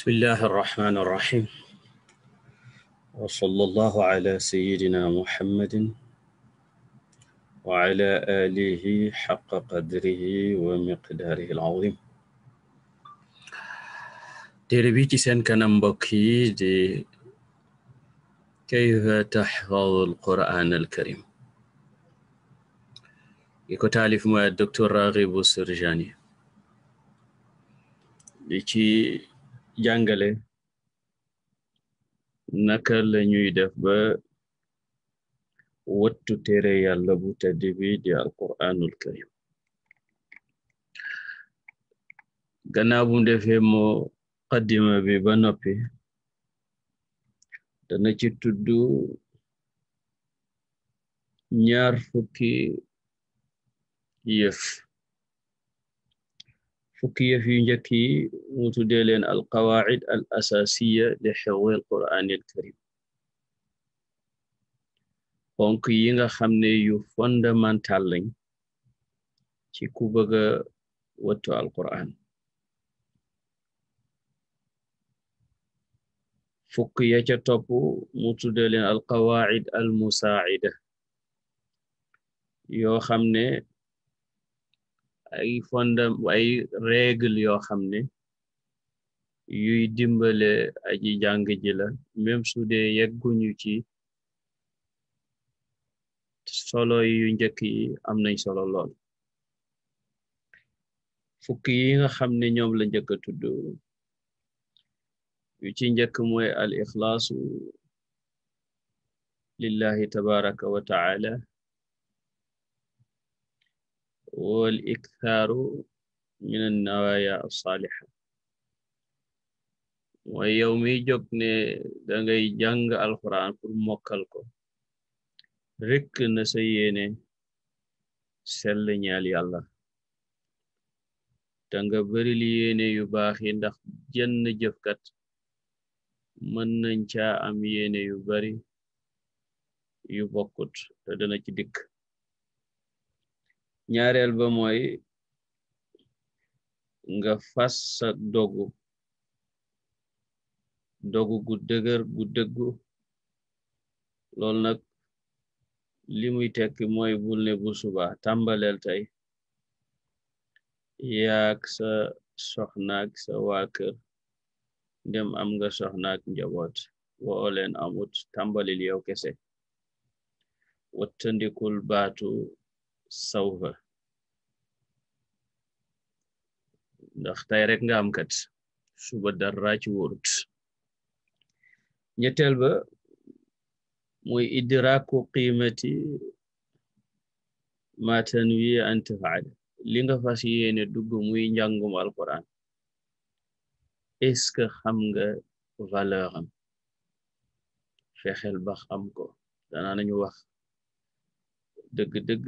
bismillahi arrahmani irrahim wasala allahu ala seyidina muhammadin wa ala alihi xaqa qadrihi wa miqdaarihi alazim téere bi ci seen kanam mbokk yi di kayfa taxfadu alquran alkarim yi ko taalif mooy docteur Raghibou Serjani di ci jàngale naka la ñuy def ba wattu téere yàlla bu tedd bi di alquranul karim gannaaw bu defee mu xaddima bi ba noppi dana ci tudd ñaar fukki yëf fukki yëf yu njëkk yi mu tuddee leen alqawaacid al asaasiya li xewi alquraanil karim ponk yi nga xam ne yu fondamental lañ ci ku bëgg a wattu alquraan fukk ya ca topp mu tuddee leen alqawaacid al musaacida yoo xam ne ay fondam ay règle yoo xam ne yuy dimbale aji jàng la même su dee yegguñu ci solo yu njëkk yi am nañ solo lool fukki yi nga xam ne ñoom la njëkk a tudd yu ci njëkk mooy al ixlaasu lillahi tabaraka wa wal iktaaru min annawaaya alsaalixa wa yow mi jóg ne dangay jàng alquran pour mokkal ko rekk na sa yéene sell ñaal yàlla te nga baril yéene yu baax ndax jenn jëfkat mën nañ caa am yéene yu bari yu bokkut te dana ci dikk ñaareel ba mooy nga fas sa dogu dogu gu dëgër gu dëggu loolu nag li muy tekki mooy bul ne bu suba tàmbaleel tey yaak sa soxnaak sa waa kër dem am nga soxnaak njaboot woo leen amut tàmbalil yow kese wattandikul baatu saw sawfa ndax tey rek nga am kat suba dara ci wóorut ba muy idraku qiimati ma tanwi an tafaal li nga fas yéene dugg muy njàngum alquran est-ce xam nga valeur am fexeel ba xam ko danaa nañu wax dëgg-dëgg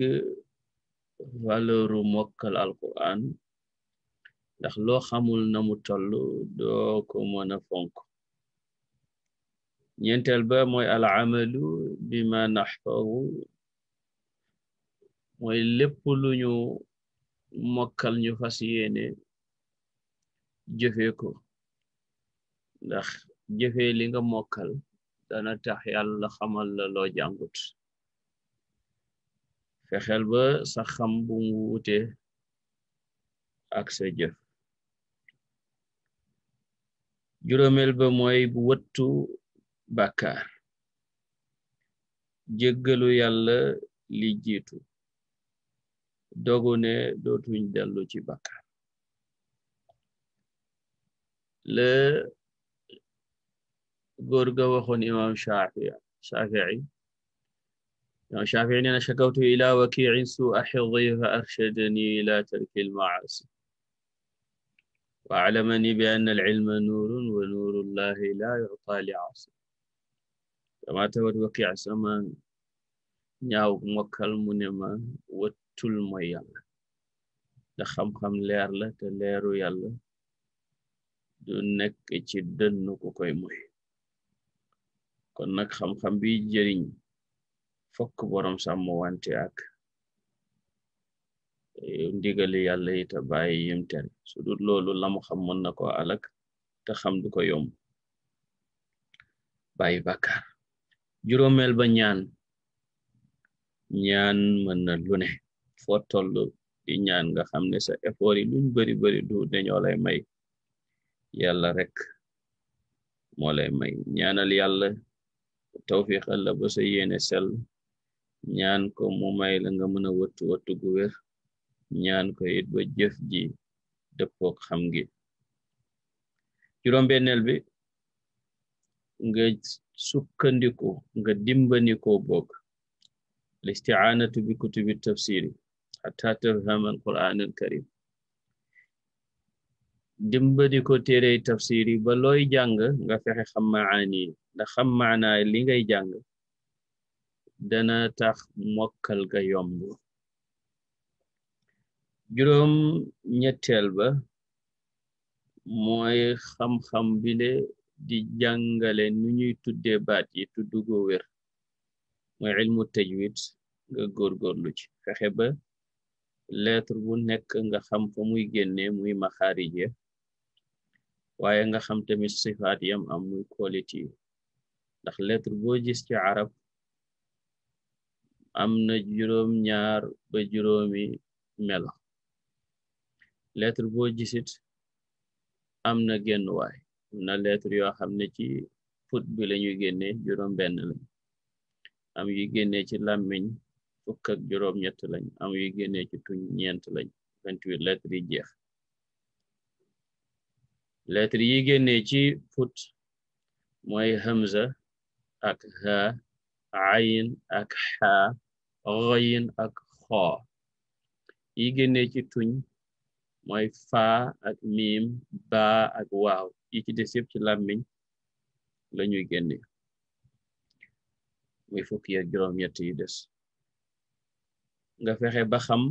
valeuru mokkal alquran ndax loo xamul na mu toll doo ko mën a fonk ñeenteel ba mooy al amalu bima naxfaru mooy lépp lu ñu mokal ñu fas yéene jëfe ko ndax jëfe li nga mokkal dana tax yàlla xamal la loo jàngut fexeel ba sa xam bu mu wute ak sa jëf ba mooy bu wëttu bàkkaar jéggalu yàlla li jiitu dogu ne dootuñ dellu ci bàkkaar la ga waxoon imam shafii shafii شافعي أنا شكوت إلى وكيع سوء حظي فأرشدني إلى ترك المعاصي وأعلمني بأن العلم نور ونور الله لا يعطى لعاصي dama tawat wakiya sama ñaaw mokkal mu ne ma wattul mooy yàlla da xam-xam leer la te leeru yàlla du nekk ci dënn ku koy moy kon nag xam-xam bi jëriñ fok borom sàmm wante ak eh, ndigali yàlla yi te bàyyi yim tere su dul loolu lamu xam mën na ko alak te xam du ko yomb bàyyi bàkkaar juróomeel ba ñaan ñaan mën na lu ne foo toll ñaan nga xam ne sa effort yi bari bari du ne lay may yàlla rek moo lay may ñaanal yàlla tawfiixal la ba sa yéene sel ñaan ko mu nga mën a wattu wattu gu wér ñaan ko it ba jëf ji dëppook xam gi juróom-benneel bi nga sukkandiku nga dimbaniko boog listiaanatu bi kutubi tafsiri xata tafhama alquran alkarim dimbaniko téerey tafsiri ba looy jàng nga fexe xam maani ndax xam maanaa li ngay jàng dana tax mokkal ga yomb juróom ñetteel ba mooy xam-xam bile di jàngale nu ñuy tudde baat yi tudd gu wér mooy ilmu tajwid nga góorgóorlu ci fexe ba lettre bu nekk nga xam fa muy génne muy maxaarije waaye nga xam tamit sifaat yam am muy quality ndax lettre boo gis ci arab am na juróom ñaar ba juróomi melo letr boo gisit am na génnuwaay na lettre yoo xam ne ci put bi lañuy génne juróom benn am yu génne ci làmmiñ fukk ak juróom ñett lañ am yu génne ci tuñ ñeent lañ vingt-huit yi jeex lettre yi génne ci put mooy hamza ak ha ayin ak xaa royin ak xoo yi génnee ci tuñ mooy faa ak miim baa ak waaw yi ci des yëpp ci lamiñ la ñuy génne muy fukki juróom ñett yu des nga fexe ba xam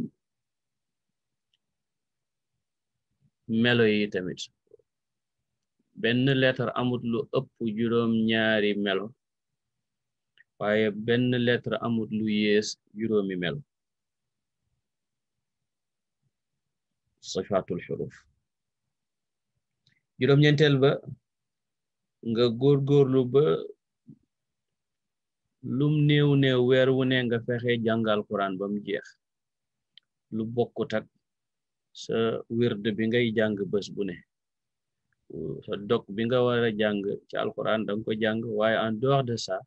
melo yi tamit benn leetar amut lu ëpp juróom ñaari melo waaye benn lettre amut lu yées juróomi melo sifatul xuruf juróom-ñeenteel ba nga góorgóorlu ba lum néew néew weer wu ne nga fexe jàngal quran ba mu jeex lu bokkut ak sa wird bi ngay jàng bés bu ne sa dog bi nga war a jàng ci alquran danga ko jàng waaye en dehors de ça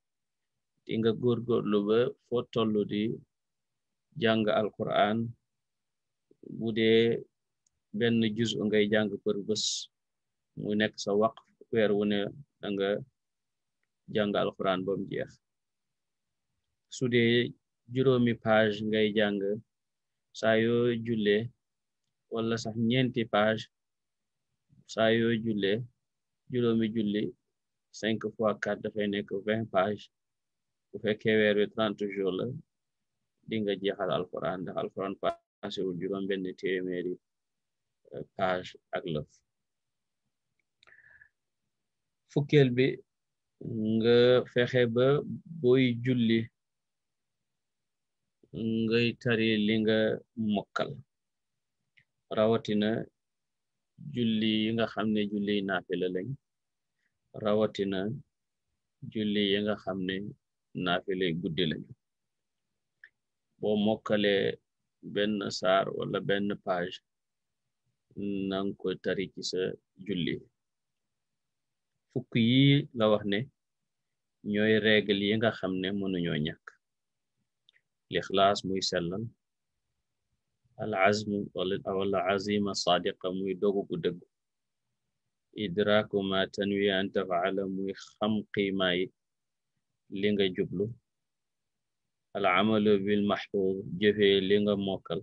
di nga góorgóorlu ba foo tollu di jàng alquran bu dee benn juz ngay jàng për bés mu nekk sa waq weer wu ne da nga jàng bam jeex su dee page ngay jàng saa jule wala sax ñeenti page saa yoo julle juróomi julli cinq fois quatre dafay nekk vingt page bu fekkee weer wi jours la di nga jeexal alquran ndax passé wul juróom benn téeméeri euh, page ak lëf bi nga fexe ba boy julli ngay tari li nga mokkal rawatina julli yi nga xam ne julli naafila lañ rawatina julli yi nga xam ne naafile guddi lañu boo mokkale benn saar wala benn page nan ko tari ci sa julli fukk yi la waxne ñooy règle yi nga xam ne mënuñoo ñàkk lixlaas muy sellal al azmu wala azima sadiqa muy dogu gu idraku ma tanwi an tafaala muy xam qiimaa li nga jublu al amalo bil mahfuz jëfe li nga mokkal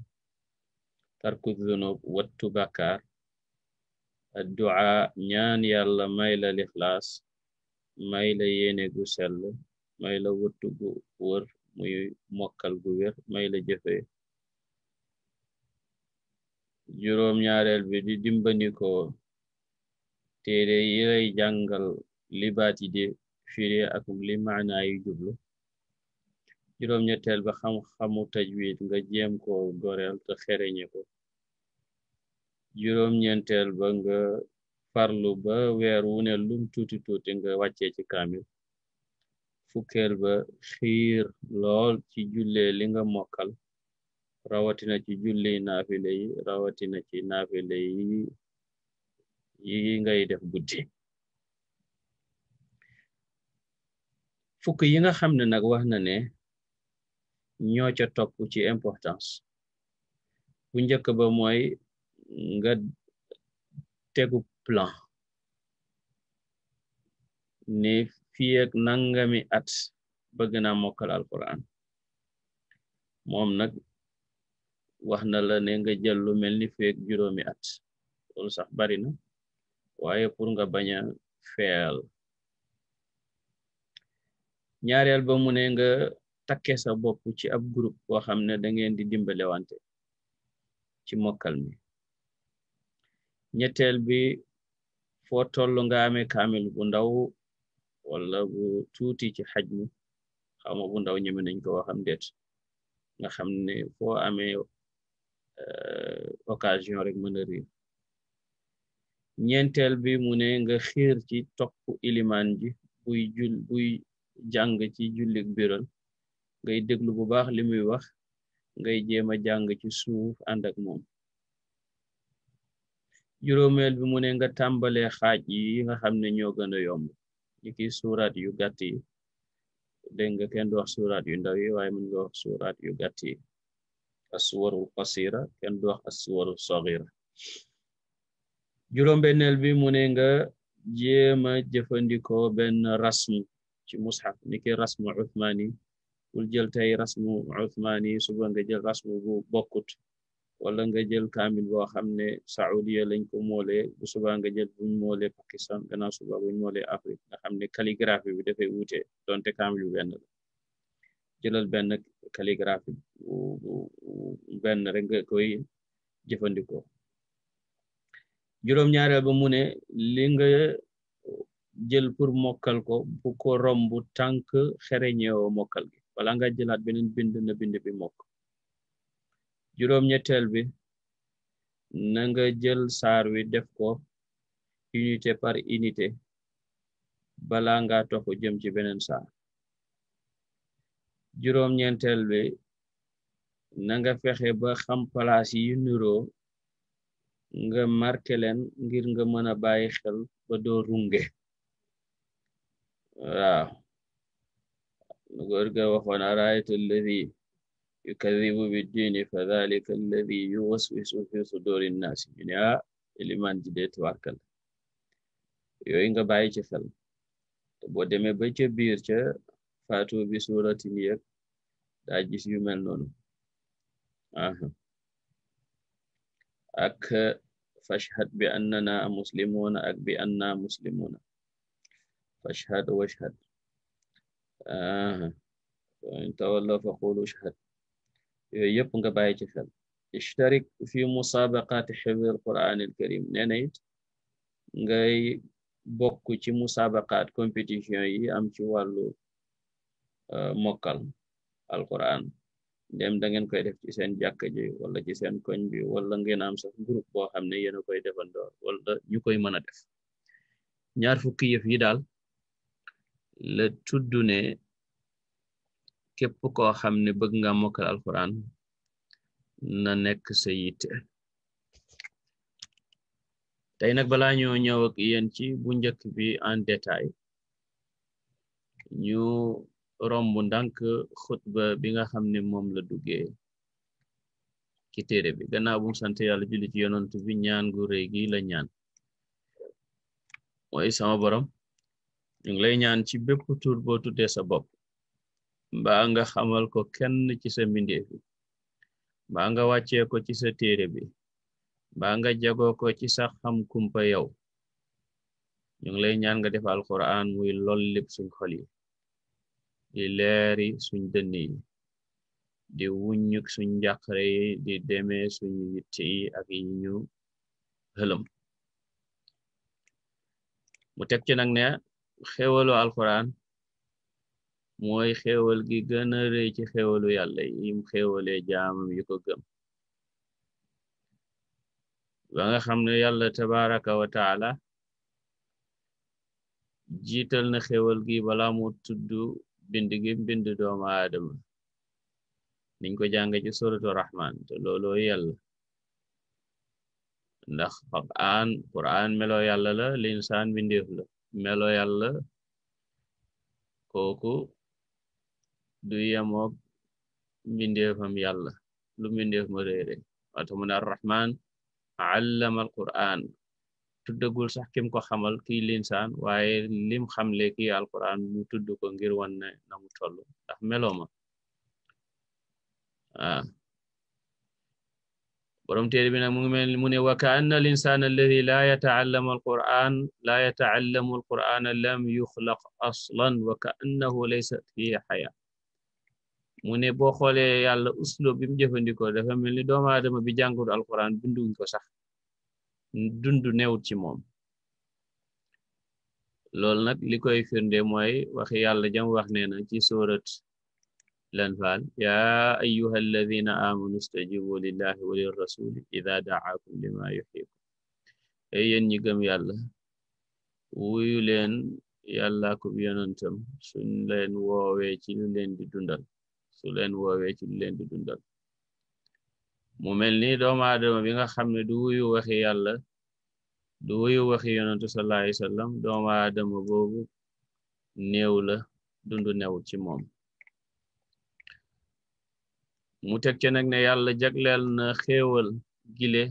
tarku zunub wattu bakkaar addu'a ñaan yàlla may la lixlaas may la yéene gu sell may la wattu gu wër muy mokkal gu wér may la jëfe juróom ñaareel bi di dimbandikoo téere jàngal libaati firi ak li maanaa yu jublu juróom-ñetteel ba xam-xamu wiit nga jéem ko goreel te xereñe ko juróom-ñeenteel ba nga farlu ba weer wu lum tuuti tuuti nga wàccee ci kaamil fukkeel ba xiir lool ci jullee li nga mokkal rawatina ci julli naafile rawatina ci naafile yi yi ngay def guddi fukk yi nga xam ne nag wax na ne ñoo ca topp ci importance bu njëkk ba mooy nga tegu plan ne fii ak nangami at bëgg naa mokkal alquran moom nag wax na la ne nga jël lu mel ni fii ak juróomi at loolu sax bari na waaye pour nga baña a feel ñaareel ba mu ne nga takkee sa bopp ci ab groupe boo xam ne da ngeen di dimbalewante ci mokkal mi ñetteel bi foo toll nga ame kaamil bu ndaw wala bu tuuti ci xaj mi xawma bu ndaw ñeme nañ ko waxam déet nga xam ne foo amee euh, occasion rek mën a riir ñeenteel bi mu ne nga xiir ci topp ilimaan ji buy jul buy jàng ci jullik biral ngay déglu bu baax limuy wax ngay jéem a jàng ci suuf ànd ak moom juróomeel bi mu ne nga tàmbalee xaaj yi nga xam ne ñoo gën a yomb ni ki suuraat yu gàtt yi dégg nga kenn du wax suuraat yu ndaw yi waaye mën suuraat yu gàtt yi aswarul qasira kenn du wax aswarul sagira bi mu ne nga jéema jëfandikoo benn rasmu ci mushaf ni ki rasmu uthmani bul jël tey rasmu uthmani suba nga jël rasmu bu bokkut wala nga jël kaamil boo xam ne saudiya lañ ko moolee bu nga jël buñ moolee pakistan gannaaw suba buñ moolee afrique nga xam ne calligraphie bi dafay wuute donte kaamil bu benn benn calligraphie rek nga koy jëfandikoo juróom-ñaareel ba mu ne jël pour mokkal ko bu ko romb tànk xereñeewoo mokkal gi wala nga jëlaat beneen bind na bind bi mokk juróom-ñetteel bi na nga jël saar wi def ko unité par unité bala nga topp jëm ci beneen saar juróom-ñeenteel bi na nga fexe ba xam palaas yi nuroo nga marke leen ngir nga mën a bàyyi xel ba doo runge waaw góor ga waxoon araaytu alladi yukadibu bi diini fa dalika alladi yuwaswisu fi suduri nnaasi ñu ne ah limaan ji dee tuwaarkal yooyu nga bàyyi ci xel te boo demee ba ca biir ca faatu bi suuratin yëg daa gis yu mel noonu aha ak fashhad bi annana muslimuna ak bi anna muslimuna فاشهد واشهد آه. فإن تولوا فقولوا اشهد yooyu yëpp nga bàyyi ci xel ishtarik fi musabaqati xifdi alquran alkarim nee na it ngay bokk ci musabaqaat compétition yi am ci wàllu mokkal alquran dem da koy def ci seen jàkka ji wala ci seen koñ bi wala ngeen am sax groupe boo xam ne yéen koy defandoo wala ñu koy mën a def ñaar fukki yëf yi daal la tudd ne képp koo xam ne bëgg nga mokkal alquran na nekk sa yitte tey nag balaa ñoo yen ci bu njëkk bi en détail ñu romb ndànk xutba bi nga xam ne moom la dugge ki téere bi gannaaw bu mu sant yàlla julli ci yonent bi ñaan gu gi la ñaan mooy sama borom ñu ngi lay ñaan ci bépp tur boo tuddee sa bopp mbaa nga xamal ko kenn ci sa mbindeef bi mbaa nga wàccee ko ci sa téere bi mbaa nga jagoo ko ci sax xam kumpa yow ñu ngi lay ñaan nga def alquran muy lool lépp suñ di leeri suñ dënn yi di wuññuk suñ njàqare di deme suñ yitte yi ak yi ñu xëlëm mu teg ci nag ne xéwalu alquran mooy xewal gi gën a rëy ci xéwalu yàlla yim xéwalee jaamam yi ko gëm ba xam ne yàlla tabaraka wa taala jiital na xéwal gi bala mu tuddu bind gi bind doomu aadama niñ ko jàng ci suratu rahman te looloo ndax qur'an melo yàlla la linsaan bindeef la melo yàlla kooku du yemoog mbindeefam yàlla lu mbindeef ma réere waata mu ne arrahman allama alquran tuddagul sax kim ko xamal kiy linsaan waaye lim xamle ki alquran mu tudd ko ngir wan ne na mu ndax meloo ma borom téere bi nag mu ngi mel mu ne wa ka anna al insana alladi lam yuxlaq aslan wa ka annahu laysa fii xayaa mu ne boo xoolee yàlla uslub bi mu jëfandikoo dafa mel ni doomu aadama bi jàngul ko sax dundu newut ci mom loolu nag li koy firnde moy waxi yàlla jam wax nee na ci sóorat الأنفال يا أيها الذين آمنوا استجيبوا لله وللرسول إذا دعاكم لما يحييكم ay yéen ñi gëm yàlla wuyu leen yàlla ko bi yonantam suñ leen woowee ci lu leen di dundal su leen woowee ci lu leen di dundal mu mel ni doomu aadama bi nga xam ne du wuyu waxi yàlla du wuyu waxi yonantu sallallahu alayhi doomu aadama boobu néew la dundu néew ci moom mu teg ci nag ne yàlla jagleel na xéewal gile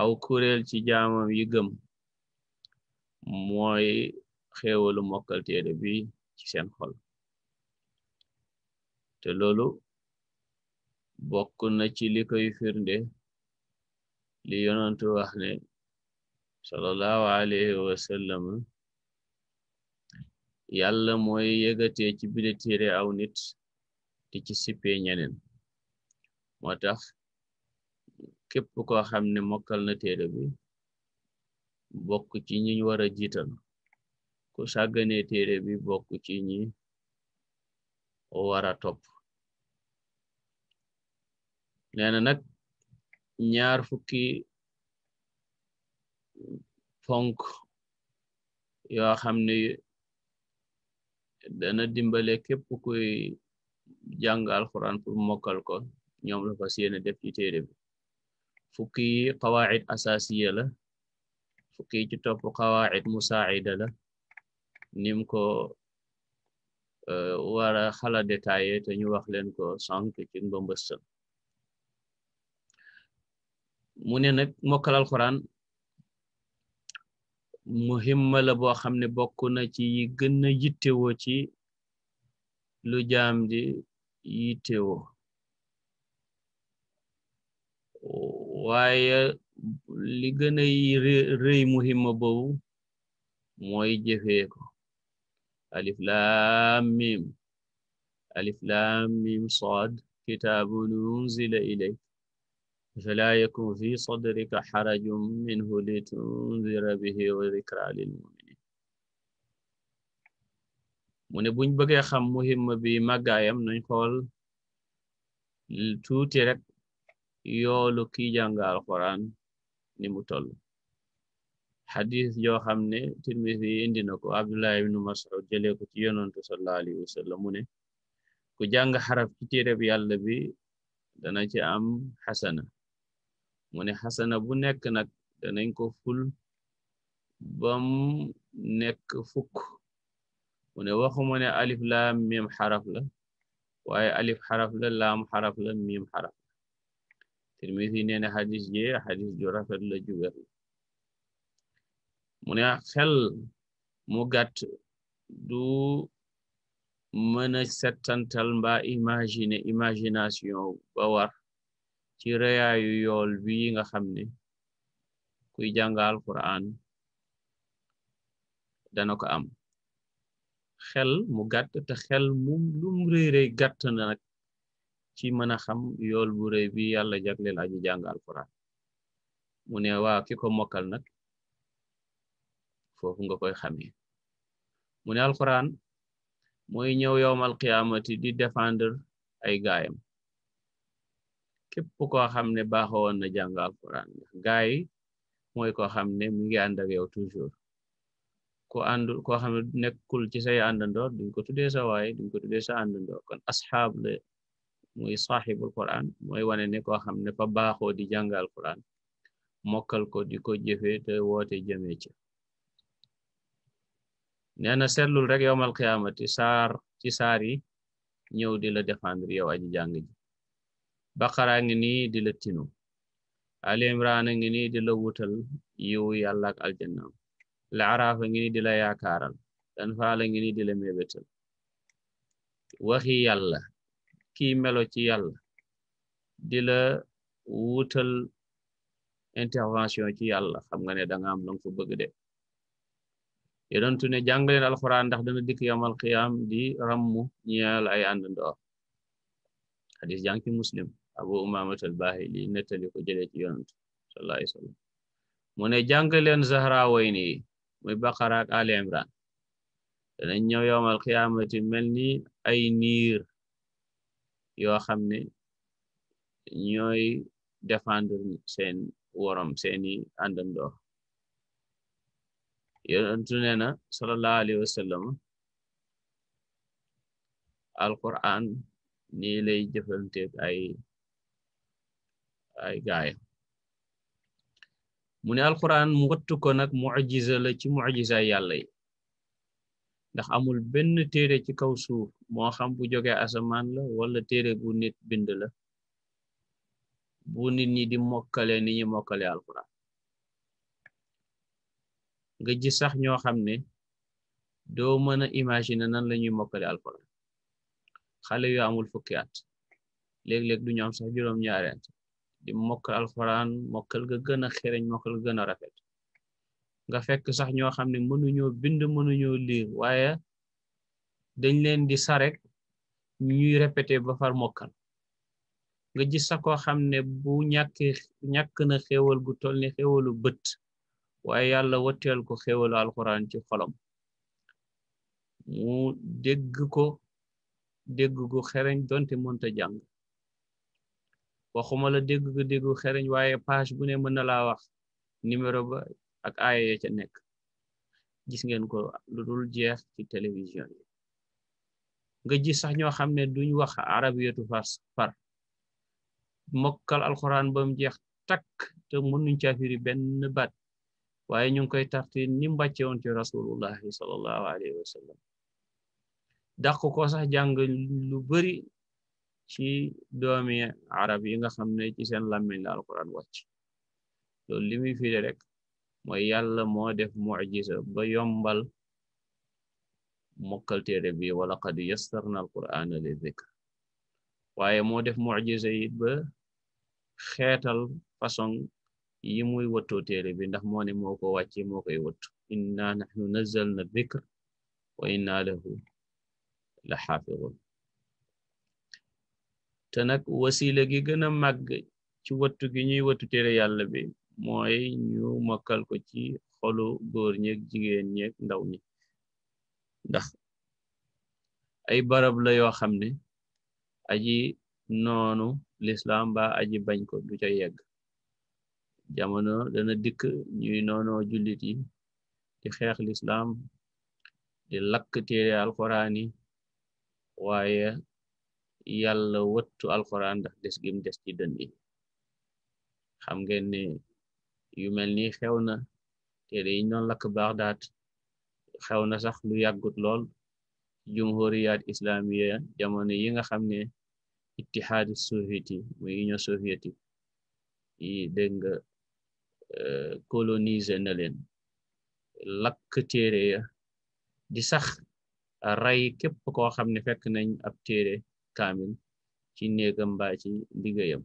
aw kuréel ci jaamam yi gëm mooy xéewalu mokkal bi ci seen xol te loolu bokk na ci li koy firnde li yonantu wax ne sallallahu alayhi wa sallam yàlla mooy yëgatee ci bile aw nit di ci sippee ñeneen moo tax képp koo xam ne mokkal na téere bi bokk ci ñi war a jiital ku sàgganee téere bi bokk ci ñi war a topp nee na nag ñaar fukki ponk yoo xam ne dana dimbale képp kuy jàng alxuraan pour mokkal ko ñoom la fas yéene def ci téere bi fukki yi qawaacid la fukki yi ci topp qawaacid musaacida la nim ko e, wara xala détaillé te ñu wax leen ko sànq ci mbambëstal mu ne nag mokkal alquran muhimma la boo xam ne bokk na ci yi gën a yittewoo ci lu jaam di yittewoo waaye li gën a rëy muhimma mooy jëfee ko alif laam mim alif laam mim saad kitaabun unzila ilayk fi sadrika xarajun minhu litundira bihi wa dikra lilmuminin mu ne buñ bëggee xam muhimma bi màggaayam nañ xool tuuti rek yoolu ki jàng alquran ni mu toll xadis joo xam ne tirmisi indi na ko abdullah ibnu mas'ud jëlee ci yonantu sallallahu alayhi wa sallam mu ne ku jàng xaraf ci téereb yàlla bi dana ci am xasana mune ne bu nekk nag danañ ko ful bam nekk fukk mu ne waxuma ne alif laam mim xaraf la waaye alif xaraf la laam xaraf la mim xaraf la Tirmisi nee na xadis je xadis ju rafet la ju wér mu ne xel mu gàtt du mën a settantal mbaa imagine imagination ba war ci rëyaayu yool bi nga xam ne kuy jàngal Alquran dana ko am xel mu gàtt te xel mum lum réy na ci mën a xam yool bu rëy bi yàlla jagleel aji jàng alquran mu ne waa ki ko mokkal nag foofu nga koy xamee mu ne alquran mooy ñëw yowmal qiyaamati di défendre ay gaayam képp koo xam ne baaxoon na jàng alquran ndax gaay mooy koo xam ne mi ngi ànd toujours ku ànd koo xam ne nekkul ci say àndandoo duñ ko tuddee sa waay duñ ko kon asxaab muy saaxibul quran mooy wane ne koo xam ne fa baaxoo di jàngal quran mokkal ko di ko jëfe te woote jëmee ci nee na seetlul rek yowmal qiyaamati saar ci saar yi ñëw di la défendre yow aji jàng ji baqara ngi ni di la tinu ali ngi nii di la wutal yiwu yàlla ak aljannaam la ngi nii di la yaakaaral dan faala ngi nii di la mébétal waxi yàlla kii melo ci yàlla di la wutal intervention ci yàlla xam nga ne da nga am la nga fa bëgg de yonentu ne jàngaleen alxuraan ndax dana dikk yamal xiyaam di rammu ñeel ay àndandoo xadis jàng ci muslim abu umamat bahili nettali ko jëlee ci yonentu sallallahu alayhi wasallam mu ne muy baqara ak ali imran danañ ñëw yowmal xiyaamati mel ay niir yoo xam ne ñooy défendre seen worom seeni àndandoor yonentu nee na sallallahu alayhi wa sallam alquran nii lay jëflanteeg ay ay gaaya mu ne alquran mu wattu ko nag mujiza la ci mujiza yàlla yi ndax amul benn téere ci kaw suuf moo xam bu joge asamaan la wala téere bu nit bind la bu nit ñi di mokkale ni ñi mokkale alquran nga gis sax ñoo xam ne doo mën a imaginer nan lañuy ñuy mokkale alquran xale yu amul fukki at léeg-léeg du ñu am sax juróom-ñaari at di mokal alquran mokkal ga gën a xereñ mokkal ga gën a rafet nga fekk sax ñoo xam ne mënuñoo bind mënuñoo lire waaye dañ leen di sarek ñuy répété ba far mokkal nga gis sax koo xam ne bu ñàkk ñàkk na xéewal gu toll ni bët waaye yàlla woteel ko xéewalu alxuraan ci xolam mu dégg ko dégg gu xereñ donte mënta jàng waxuma la dégg ko déggu xereñ waaye page bu ne wax numéro ba ak aaya ya ca nekk gis ngeen ko lu dul jeex ci télévision yi nga gis sax ñoo xam ne duñ wax arabiyatu fas far mokkal alxuraan ba jeex takk te mënuñ caa firi benn bat waaye ñu ngi koy tarti ni mbàcce woon ci rasulullahi sallallahu alayhi wa sallam ko sax jàng lu bari ci doomi arab yi nga xam ne ci seen làmmiñ la alxuraan wàcc loolu li muy rek moo yàlla moo def mucjisa ba yombal mokkal téere bi wala qad yassarna alqur'ana li dhikr waaye moo def mucjisa it ba xeetal façon yi muy wattoo téere bi ndax moo ne moo ko wàcce moo koy wattu inna nahnu nazzalna dhikr wa inna lahu la xaafidun te nag wasila gi gën a màgg ci wattu gi ñuy wattu téere yàlla bi mooy ñu mokkal ko ci xolu góor ñeeg jigéen ñeeg ndaw ñi ndax ay barab la yoo xam ne aji noonu lislaam ba aji bañ ko du ca yegg jamono dana dikk ñuy noonoo jullit yi di xeex lislaam di lakk téere alxuraan yi waaye yàlla wëttu alxuraan ndax des gim des ci dën yi xam ngeen ne yu mel nii xew na téere yiñ doon lakk Baghdad xew na sax lu yàggut lool jumhuriyaat islamiya jamono yi nga xam ne ittihaadu soviéti muy union yi dégg nga euh, colonisé na leen lakk téere di sax rey képp koo xam ne fekk nañ ab téere kaamil ci néegam mbaa ci liggéeyam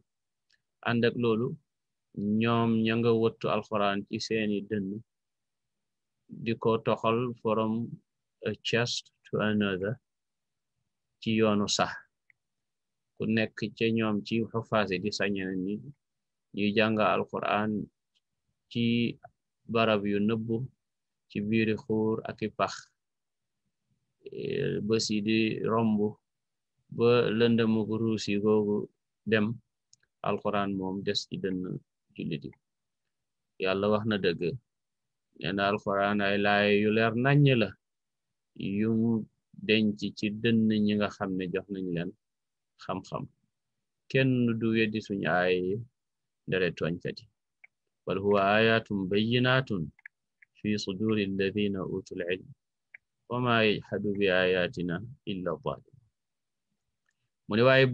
ànd ak ñoom ña nga wëttu alxuraan ci seeni dënn di ko toxal from a chest to another ci yoonu sax ku nekk ci ñoom ci xufaasi di sañene ni ñuy jànga alxuraan ci barab yu nëbbu ci biiri xuur ak i eh, bés yi di romb ba lëndëmuk ruusi googu dem alxuraan moom des ci dënn jullit yi yàlla wax na dëgg nee na ay laay yu leer naññ la yu mu denc ci dënn ñi nga xam ne jox nañ leen xam-xam kenn du weddi suñu ay ndere tooñkat yi bal huwa ayatum bayyinatun fi suduri alladina utul ilm wama yajhadu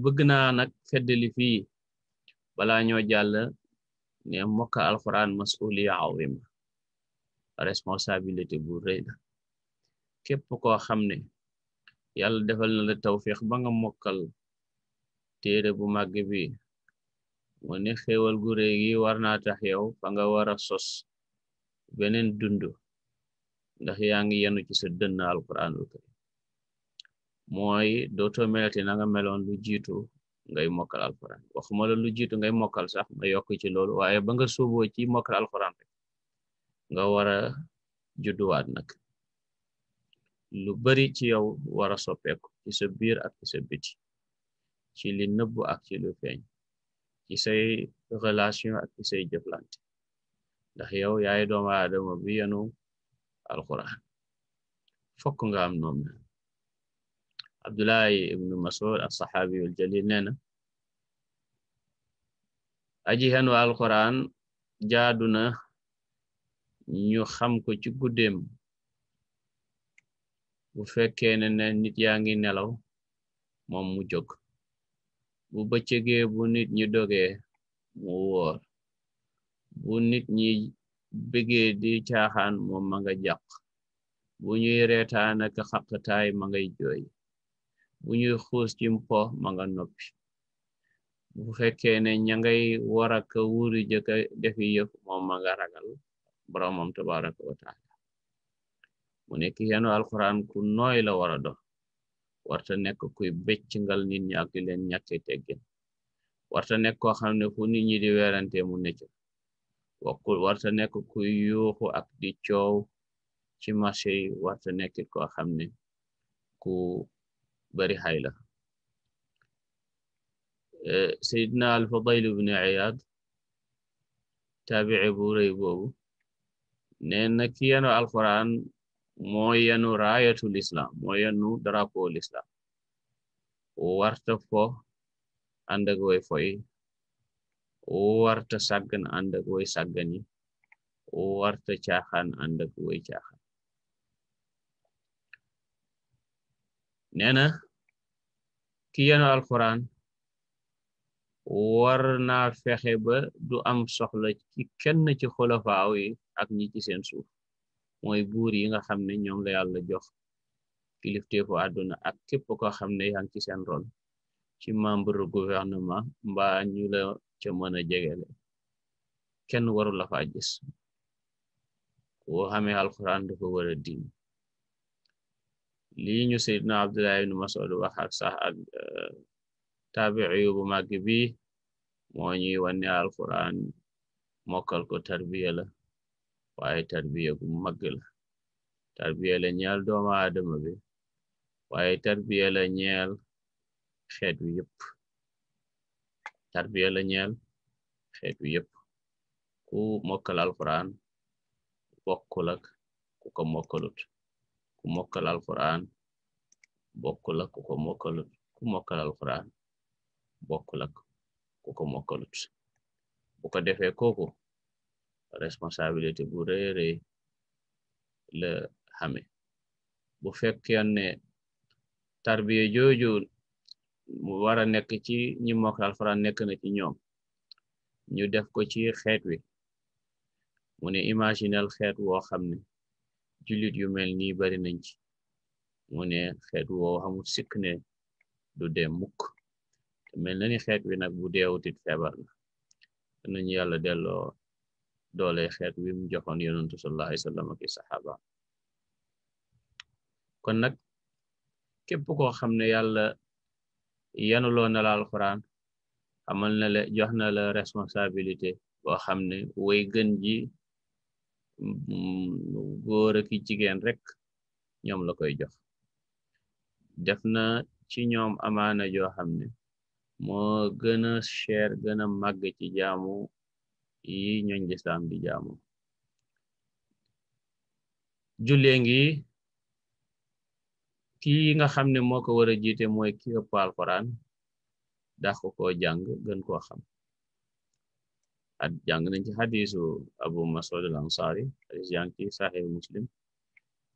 bëgg naa nag feddali fii balaa ñoo jàll ne mokka alquran masuliya azima responsabilité bu rëy la koo xam ne yàlla defal na la tawfiq ba nga mokkal téere bu màgg bi mu ne xéewal gu rëy gi war naa tax yow fa nga war a sos beneen dund ndax yaa ngi yenu ci sa dënn alquranul karim mooy dootoo lu jiitu ngay mokkal alquran waxuma la lu ngay mokkal sax ma yokk ci loolu waaye ba nga suuboo ci mokkal alquran rek nga wara a judduwaat nag lu bari ci yow war a soppeeku ci sa biir ak ci sa ci li nëbbu ak ci lu feeñ ci say relation ak ci say jëflante ndax yow yaay doomu aadama bi yenu alquran fokk nga am noonu Abdullahi ibnu Mas'ud as-saxaabiyul jaliil nee na aji xenu alquran jaadu na ñu xam ko ci guddeem bu fekkee ne nit yaa ngi nelaw moom mu jóg bu bëccëgee bu nit ñi doge mu woor bu nit ñi bëggee di caaxaan moom ma nga jàq bu ñuy reetaan ak xaqtaay ma ngay bu ñuy xuus ci mpo ma noppi bu fekkee ne ña ngay war ak wuuri jëkka defi yëf moom ma nga ragal boromam tabaraka wa taala mu nekk yenu alquran ku nooy la wara a doon warta nekk kuy beccingal nit ñi ak di leen ñàkke teggin warta nekk koo xam fu nit di werante mu necc wakku warta nekk ku yuuxu ak di coow ci marché yi warta nekkit koo xam ne ku bari hayla eh, sayidna alfadayl ibn iyad taabici bu rëy boobu nee na ki yenu alquran moo yenu raayatul islam moo yenu drapeau l'islam warta fo ànd ak way foyi warta sàggan ànd ak way sàggani warta caaxaan ànd ak way caaxaan nee na ki yenu alxuraan war naa fexe ba du am soxla ci kenn ci xulafaaw yi ak ñi ci seen suuf mooy buur yi nga xam ne ñoom la yàlla jox kilifteefu àdduna ak képp ko xam ne yaa ngi ci seen rôle ci membre gouvernement mba ñu la mën a jegele kenn waru la fa gis koo xamee alxuraan dafa wara a liñu ñu seydna abdullah ibn mas'ud wax ak sax ak eh, taabi'i bu màgg bi moo ñuy wanne alquran mokkal ko tarbiya la waaye tarbiya gu màgg la tarbiya la ñeel doomu aadama bi waaye tarbiya la ñeel xeet wi tarbiya la ñeel xeet wi yëpp ku mokkal alquran bokkul ak ku ko mokkalut ku mokkal alquran bokkul ak ku ko mokkalut ku mokkal alquran bokkul ak ku ko mokkalut bu ko defee kooku responsabilité bu rëy a rëy la ne tarbiya jooju mu war a nekk ci ñimokal mokkal alquran nekk na ci ñoom ñu def ko ci xeet wi mu ne imaginel xeet woo xam ne jullit yu mel nii bari nañ ci mu ne xeet woo xamul sikk ne du dee mukk te mel na xeet wi nag bu deewutit feebar na nañu yàlla delloo doole xeet wi mu joxoon yonantu sallallahu alayhi wasallam kon nag képp koo xam ne yàlla yanuloo na la alxuraan amal na la jox na responsabilité boo xam ne way góor ak jigéen rek ñoom la koy jox def na ci ñoom amaana joo xam ne moo gën a cher gën màgg ci jaamu yi ñooñ lislaam di jaamu jullee ngi kii nga xam ne moo ko war a jiite mooy ki ëpp alxuraan dax ko koo jàng gën koo xam ak jàng nañ ci xadisu abu masud al ansari xadis yaa ngi ci saxih muslim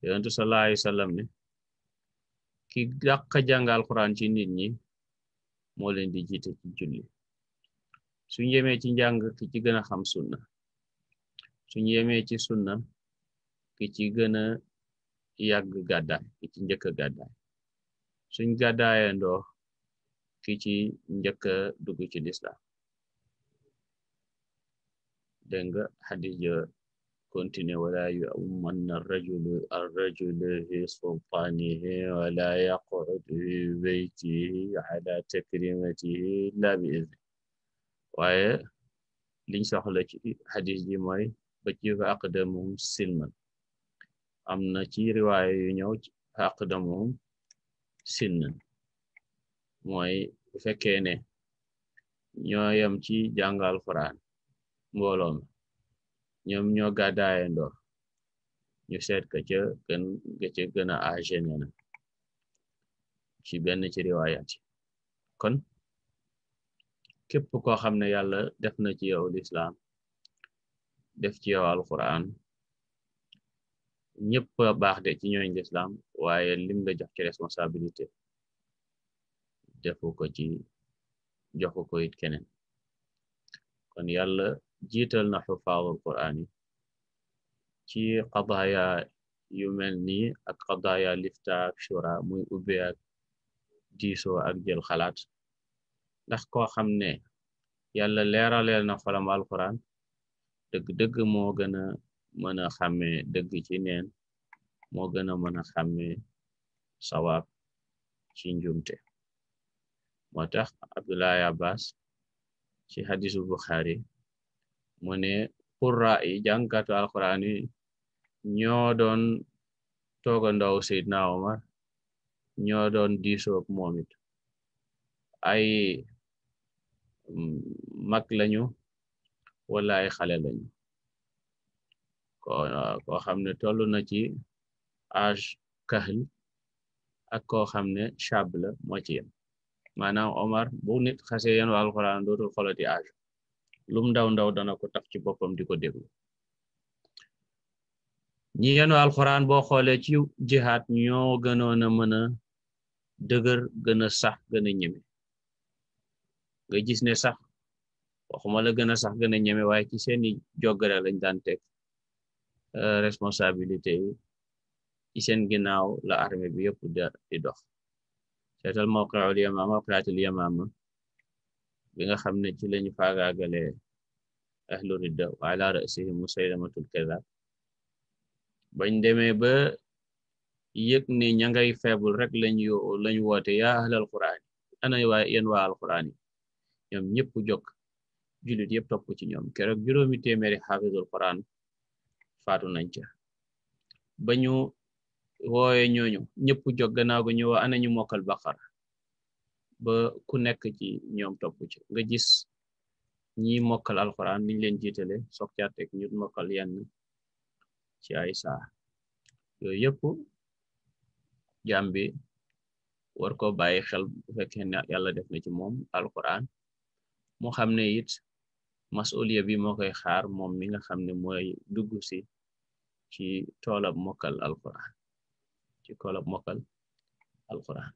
yonentu sallallahu alayhi wasallam ne ki dàq jàng alquran ci nit ñi moo leen di jiite ci julli suñ yemee ci njàng ki ci gën a xam sunna suñ yemee ci sunna ki ci gën a yàgg gàddaay ki ci njëkk a gàddaay suñ gàddaayandoo ki ci njëkk a dugg ci lislaam dégg nga Xadija continuer wala yu umanna rajulu arrajulu fi sultaanihi wala yaqud fi beytihi ala takrimatihi illa bi izni waaye liñ soxla ci xadis ji mooy ba fa aqdamuhum silman am na ci riwaaya yu ñëw fa aqdamuhum sinnan mooy bu fekkee ne ñoo ci jàngal Alxuraan mbooloom ñoom ñoo gàddaaye ndoor ñu seet ka ca gën ka ca ci benn ci riwaayaat kon képp koo xam ne yàlla def na ci yow lislaam def ci yow alquran ñëpp a baax de ci ñooñ lislaam waaye lim la jox ci responsabilité defu ko ci joxu ko kon yàlla jiital na xufaadul quraan yi ci qadaaya yu mel nii ak qadaaya lifta ak shura muy ubbe ak ak jël xalaat ndax koo xam ne yàlla leeraleel na xolam alquran dëgg-dëgg moo gën a mën a xàmmee dëgg ci nen moo gën a mën a xàmmee sawaab ci njumte moo tax abdullahi abbas ci hadisu buxaari mu ne qurra yi jàngkatu alquran yi ñoo doon toogandaw Seydina Omar ñoo doon diisoog moom it ay mag lañu wala ay xale lañu ko koo xam ne toll na ci âge kahl ak koo xam ne chab la moo ci yem maanaam Omar bu nit xasee yéen waa alquran dootul xolati âge lum ndaw ndaw dana ko taf ci boppam di ko déglu ñi yenu alxuraan boo xoolee ci jihaad ñoo gënoon a mën a dëgër gën a sax gën a ñeme nga gis ne sax waxuma la gën a sax gën a ñeme waaye ci seeni jogare lañ daan teg euh, responsabilité yi ci seen ginnaaw la armée bi yëpp di dox seetal mawqi'ul Yamama qira'atul Yamama bi nga xam ne ci lañu faagaagalee ahlu ridda wa ala rasihim musaylamatul kadab bañ demee ba yëg ne ña ngay feebul rek lañu lañu woote yaa ahlal quraan ana waa yéen waa alquraan yi ñoom ñëpp jokk julit yëpp ci ñoom keroog juróomi téeméeri xaafizul quraan faatu nañ ca ba ñu wooye ñooñu ñëpp jog gannaaw ga ñu woo ana ñu mokkal baqara ba ku nekk ci ñoom topp ci nga gis ñi mokkal alxuraan niñ leen jiitale soog caa teg ñu mokkal yenn ci ay saa yooyu yëpp jaam bi war ko bàyyi xel bu ne yàlla def na ci moom alxuraan moo xam ne it masuliya bi moo koy xaar moom mi nga xam ne mooy dugg si ci toolab mokkal alxuraan ci toolab mokkal alxuraan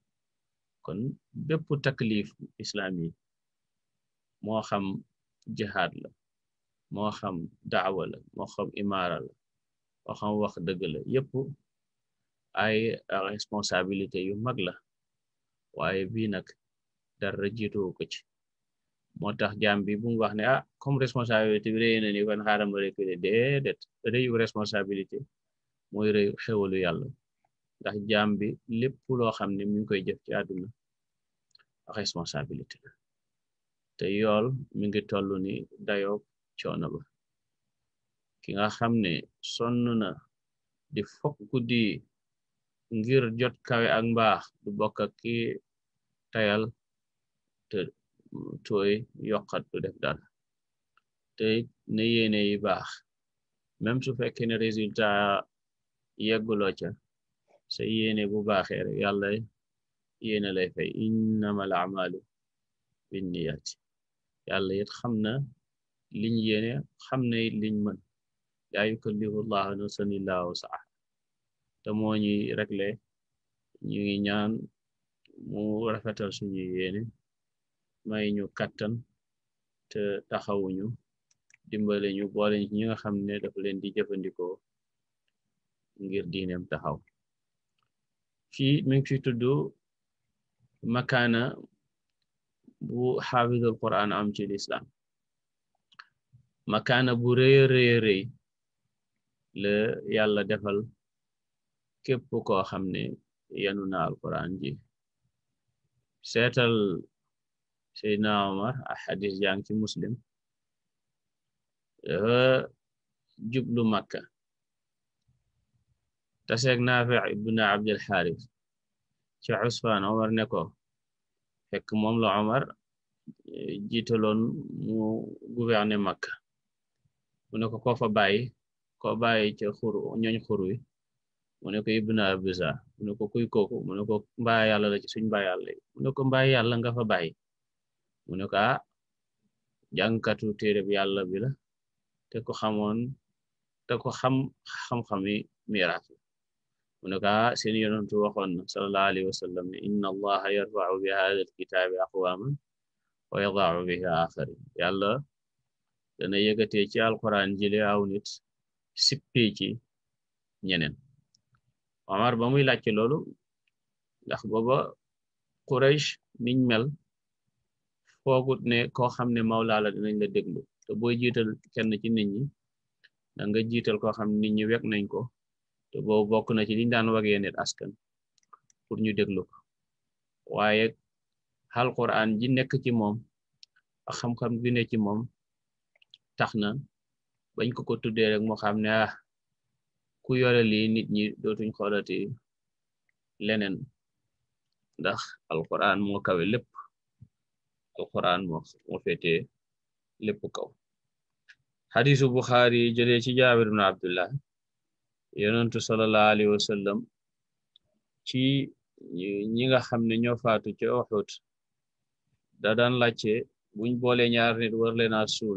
kon bépp taklif islaam yi moo xam jihaad la moo xam daawa la moo xam imaara la moo xam wax dëgg la yépp ay responsabilité yu mag la waaye bii nag dara jiituwu ko ci moo tax jaam bi bu wax ne ah comme responsabilité bi rëy na ni kon xaaral ma reculer responsabilité mooy xewalu yàlla ndax jaam bi lépp loo xam ne mi ngi koy jëf ci àdduna responsabilité la te yool mi ngi toll ni dayoo coono ba ki nga xam ne sonn na di fokk guddi ngir jot kawe ak mbaax du bokk ki tayal te tooy yokkat du def dara te ne yéene yi baax même su fekkee ne résultat yegguloo ca sa yéene bu baaxee rek yàlla yéena lay fay innamal amalu binniyaati yàlla it xam na liñ yéene xam na it liñ mën laa yukallifu llahu nafsan illaa wusaha te moo ñuy regle ñu ngi ñaan mu rafetal suñu yéene may ñu kattan te taxawuñu dimbale ñu boole ci ñi nga xam ne dafa leen di jëfandikoo ngir diineem taxaw fii mi fi tudd makaana bu xaafizul quran am ci lislaam makaana bu rëy rëy rëy la yàlla defal képp koo xam ne yanu na alquran ji seetal seydna omar a xadis jàng ci muslim dafa jublu makka taseeg naafi ibn abdul xaaris ci Usfaan Omar ne ko fekk moom la Omar eh, jiitaloon mu gouverner Makka mu ne ko koo fa bàyyi ko bàyyi ca xur ñooñ xur wi mu ne ko Ibn kuy kooku mu ne la ci suñ mbaa yàlla yi mu yàlla nga fa bàyyi mu ne ko ah jàngkatu téereb yàlla bi te ko xamoon te ko xam xam-xami miraas mu ne ko ah seen yonentu na sallallahu alayhi wa inna allaha yarfau bi hada alkitaabi aqwaman wa yadaau bihi aaxarin yàlla dana yëgatee ci alquran jile aw nit sippi ci ñeneen ba muy laajte loolu ndax booba Quraysh niñ mel foogut ne koo xam ne mawlaa la dinañ la déglu te booy jiital kenn ci nit ñi da nga jiital koo xam nit ñi wek nañ ko te bokk na ci liñ daan wagee nit askan pour ñu déglu ko waaye alquran ji nekk ci moom ak xam-xam bi ne ci moom tax na bañ ko ko tuddee moo xam ne ah ku yore lii nit ñi dootuñ xoolati leneen ndax alquran moo kawe lépp alquran moo moo féete lépp kaw xadisu buxaari jëlee ci jaabir ibn abdullah yonentu sallallahu alayhi wa ci ñi nga xam ne ñoo faatu ca Uhud da daan laajte buñ boole ñaar nit war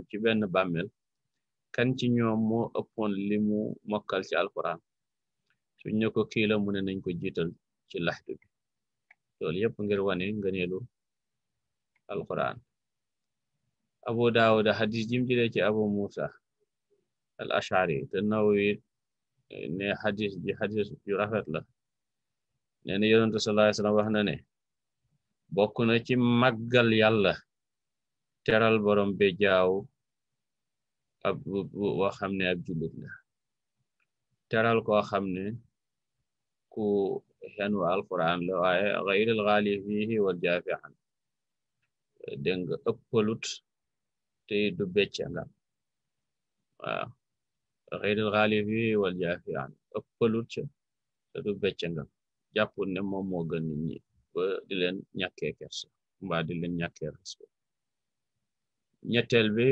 ci benn bàmmeel kan ci ñoom moo ëppoon li mu mokkal ci alquran suñ ne ko kii la nañ ko jiital ci laxdu bi loolu yëpp ngir wane ngëneelu alquran abu daawuda xadis jim jëlee ci abu musa al ashari te nawawi ne xadis xadis yu rafet la nee na yonente sallallahu alayhi wax na ne bokk na ci màggal yàlla teral borom be jaaw ab woo xam ne ab jullit la teral koo xam ne ku xenu alquran la waaye xayril xaali fiihi wal jaafi an dégg nga ëppalut te du beccangal waaw ah. xeyril xaalifi wal jaafi an ëppalut ca te du beccangal jàppul ne moom moo gën nit ñi ba di leen ñàkkee kersa mbaa di leen ñàkkee respect bi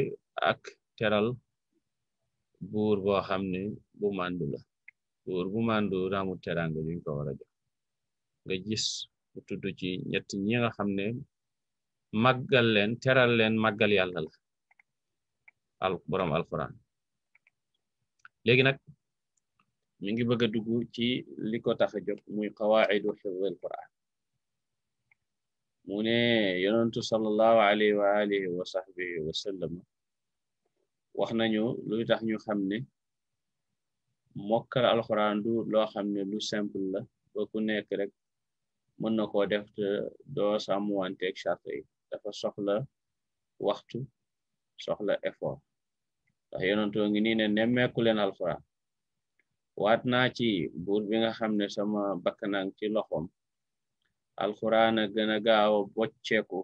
ak teral buur boo xam ne bu màndu la buur bu màndu ramu teranga duñ ko gis mu tudd ci ñett ñi nga xam ne màggal leen teral leen màggal yàlla la al borom alquran léegi nag mi ngi bëgg a dugg ci li ko tax a jóg muy qawaidu xifdil quran mu ne yonentu sallallahu alayhi wa alihi wa sahbihi wa sallam wax nañu luy tax ñu xam ne mokkal alquran du loo xam ne lu simple la ba ku nekk rek mën na koo def te doo sàmmanteeg charte yi dafa soxla waxtu soxla effort ndax yonantoo ngi nii ne nemmeeku leen alquran waat naa ci buur bi nga xam ne sama bakkanang ci loxom alquran a gën a gaaw a bocceeku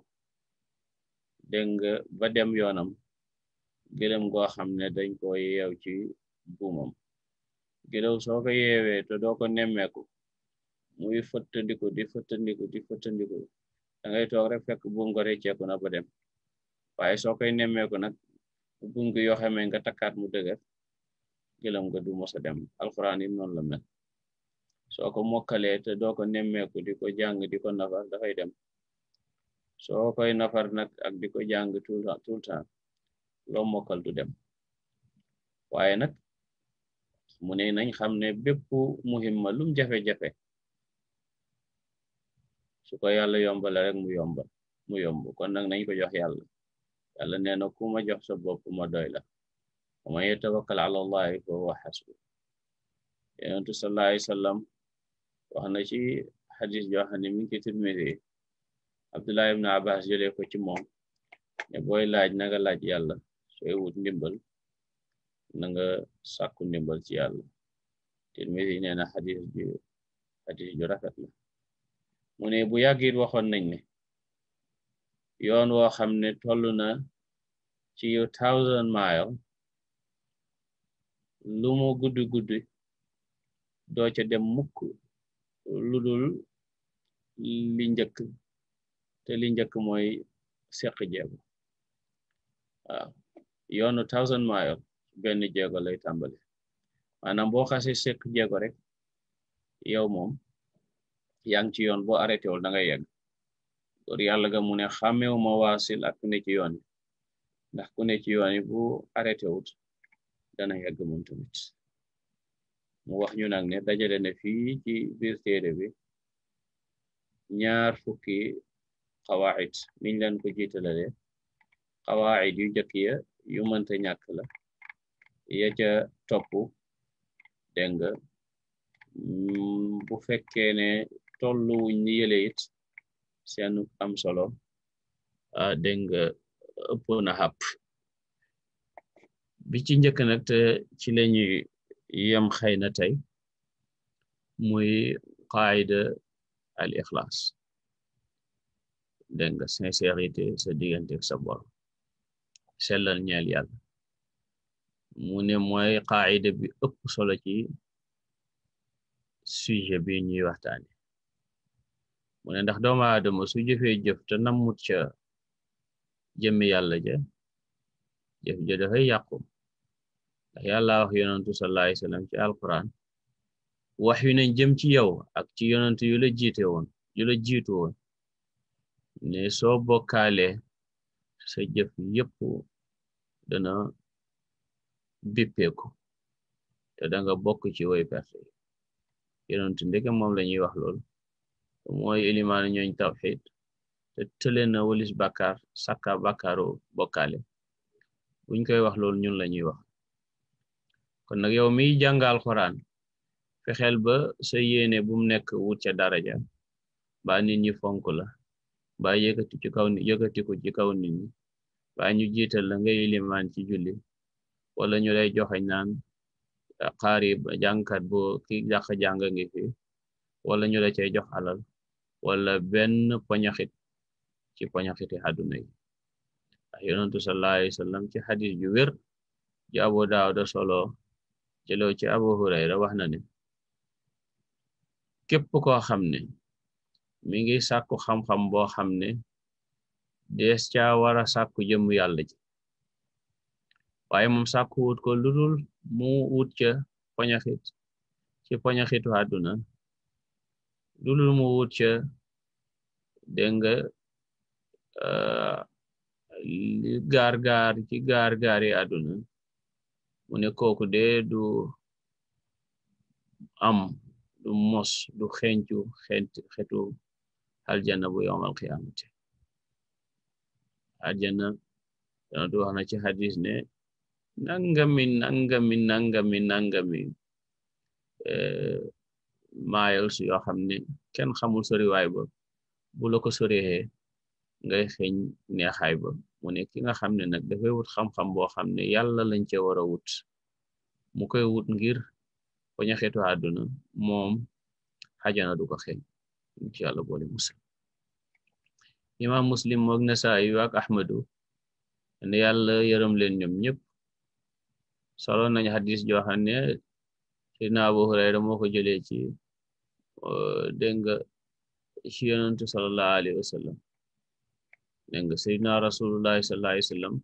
dégg nga ba dem yoonam gëlëm goo xam ne dañ ko ci buumam gëlëw soo ko yeewee te doo ko nemmeeku muy fëttandiku di fëttandiku di fëttandiku da ngay toog rek fekk buum ko rëcceeku na ba dem waaye soo koy nag gunge yoo xamee nga mu dëgër gëlëm nga du mosa dem alxuraan yi noonu la soo ko mokkalee te doo ko nemmeeku di ko jàng di ko nafar dafay dem soo koy nafar nag ak di ko jàng tout tout temps loo mokkal du dem waaye nag mu ne nañ xam ne bépp muhimma lum jafe-jafe su ko yàlla yombale rek mu yombal mu yomb kon nag nañ ko jox yàlla yàlla nee na ku ma jox sa bopp ma doy la wa man yatawakkal ala allahi fa huwa xasbu yonentu wax na ci xadis joo xam ne mi ngi ci Tirmidi Abbas jëlee ko ci moom ne booy laaj na nga laaj yàlla sooy wut ndimbal na nga sàkku ndimbal ci yàlla Tirmidi nee na xadis ju xadis ju rafet la bu yàgg waxoon nañ yoon woo xam ne toll na ci yu thousand mile lu mu guddi guddi doo ca dem mukk lu dul li njëkk te li njëkk mooy seq jeego waaw thousand mile benn jeego lay tàmbale maanaam boo xasee seq jeego rek yow moom yaa ngi ci yoon boo arrêté wul da ngay loolu yàlla ga mu ne xàmmeewu ma ak ne ci ndax ku ne ci bu arrêté wut dana yàgg moom tamit mu wax ñu nag ne dajale ne fii ci biir téere bi ñaar fukki xawaayit lan leen ko jiitalale xawaayit yu jëkk ya yu mënta ñàkk la ya ca topp nga mm, bu fekkee ne tolluwuñ ni yële seenu am solo ah, dégg nga ëpp na xàpp bi ci njëkk nag te ci lañuy yem xëy na tey muy qaayida al ixlaas dégg nga sincérité sa diggante sa bol sellal ñeel yàlla mu ne mooy bi ëpp solo ci sujet bi ñuy waxtaane mu ne ndax doomu aadama su jëfee jëf te namut ca jëmmi yàlla ja jëf ja dafay yàqu ndax yàlla wax yonantu sallallahu alayhi wasallam ci alquran wax yu nañ jëm ci yow ak ci yonantu yu la jiite woon yu la jiitu woon ne soo bokkaale sa jëf yépp dana bippeeku te danga bokk ci woy perte yi yonantu ndeke moom lañuy wax loolu mooy ilimaanu ñooñ tawxid te tële na walis bàkkaar sàkka bàkkaaru bokkaale buñ koy wax loolu ñun la ñuy wax kon nag yow miy jàngal xoraan fexeel ba sa yéene bum nekk wut ca daraja ba nit ñi fonk la ba yëkkati ci kaw ci kaw nit ba ñu jiital la ngay ilimaan ci julli wala ñu lay joxe naan xaari jàngkat boo ki dàq jàng ngi fi wala ñu la cay jox alal wala benn poñaxit ci poñaxiti àdduna yi ndax yonentu ci xadis ju wér ji abu daawuda solo jëloo ci abu hurayra wax na ne képp koo xam ne mi ngi sàkku xam-xam boo xam ne dees caa war a sàkku jëmu yàlla ji waaye moom sàkku wut ko ludul mu wut ca poñaxit ci poñaxitu àdduna lu lu mu wut ca dégg nga euh, gaar-gaar ci gaar-gaar yi àdduna mu ne kooku de du am du mos du xencu xetu aljanna bu yawmal qiyaamati aljanna dana du wax na ci hadis ne nangami nangami nangami nangami euh, miles yoo xam ne kenn xamul soriwaay ba bu la ko sorixee ngay xeeñ neexaay ba mu ne ki nga xam ne nag dafay wut xam-xam boo xam ne yàlla lañ ca war a wut mu koy wut ngir baña xeetu àdduna moom xajana du ko xeeñ ci yàlla boole muslim imaam muslim moog nasaayi ak ahmadu ne yàlla yërëm leen ñoom ñëpp solo nañ xadis joo xam ne sidna abu hurayra moo ko jëlee ci Euh, dégg nga ci yonantu sallallahu alayhi wa sallam dégg nga sayyidina rasulullahi sallallahu alayhi wa sallam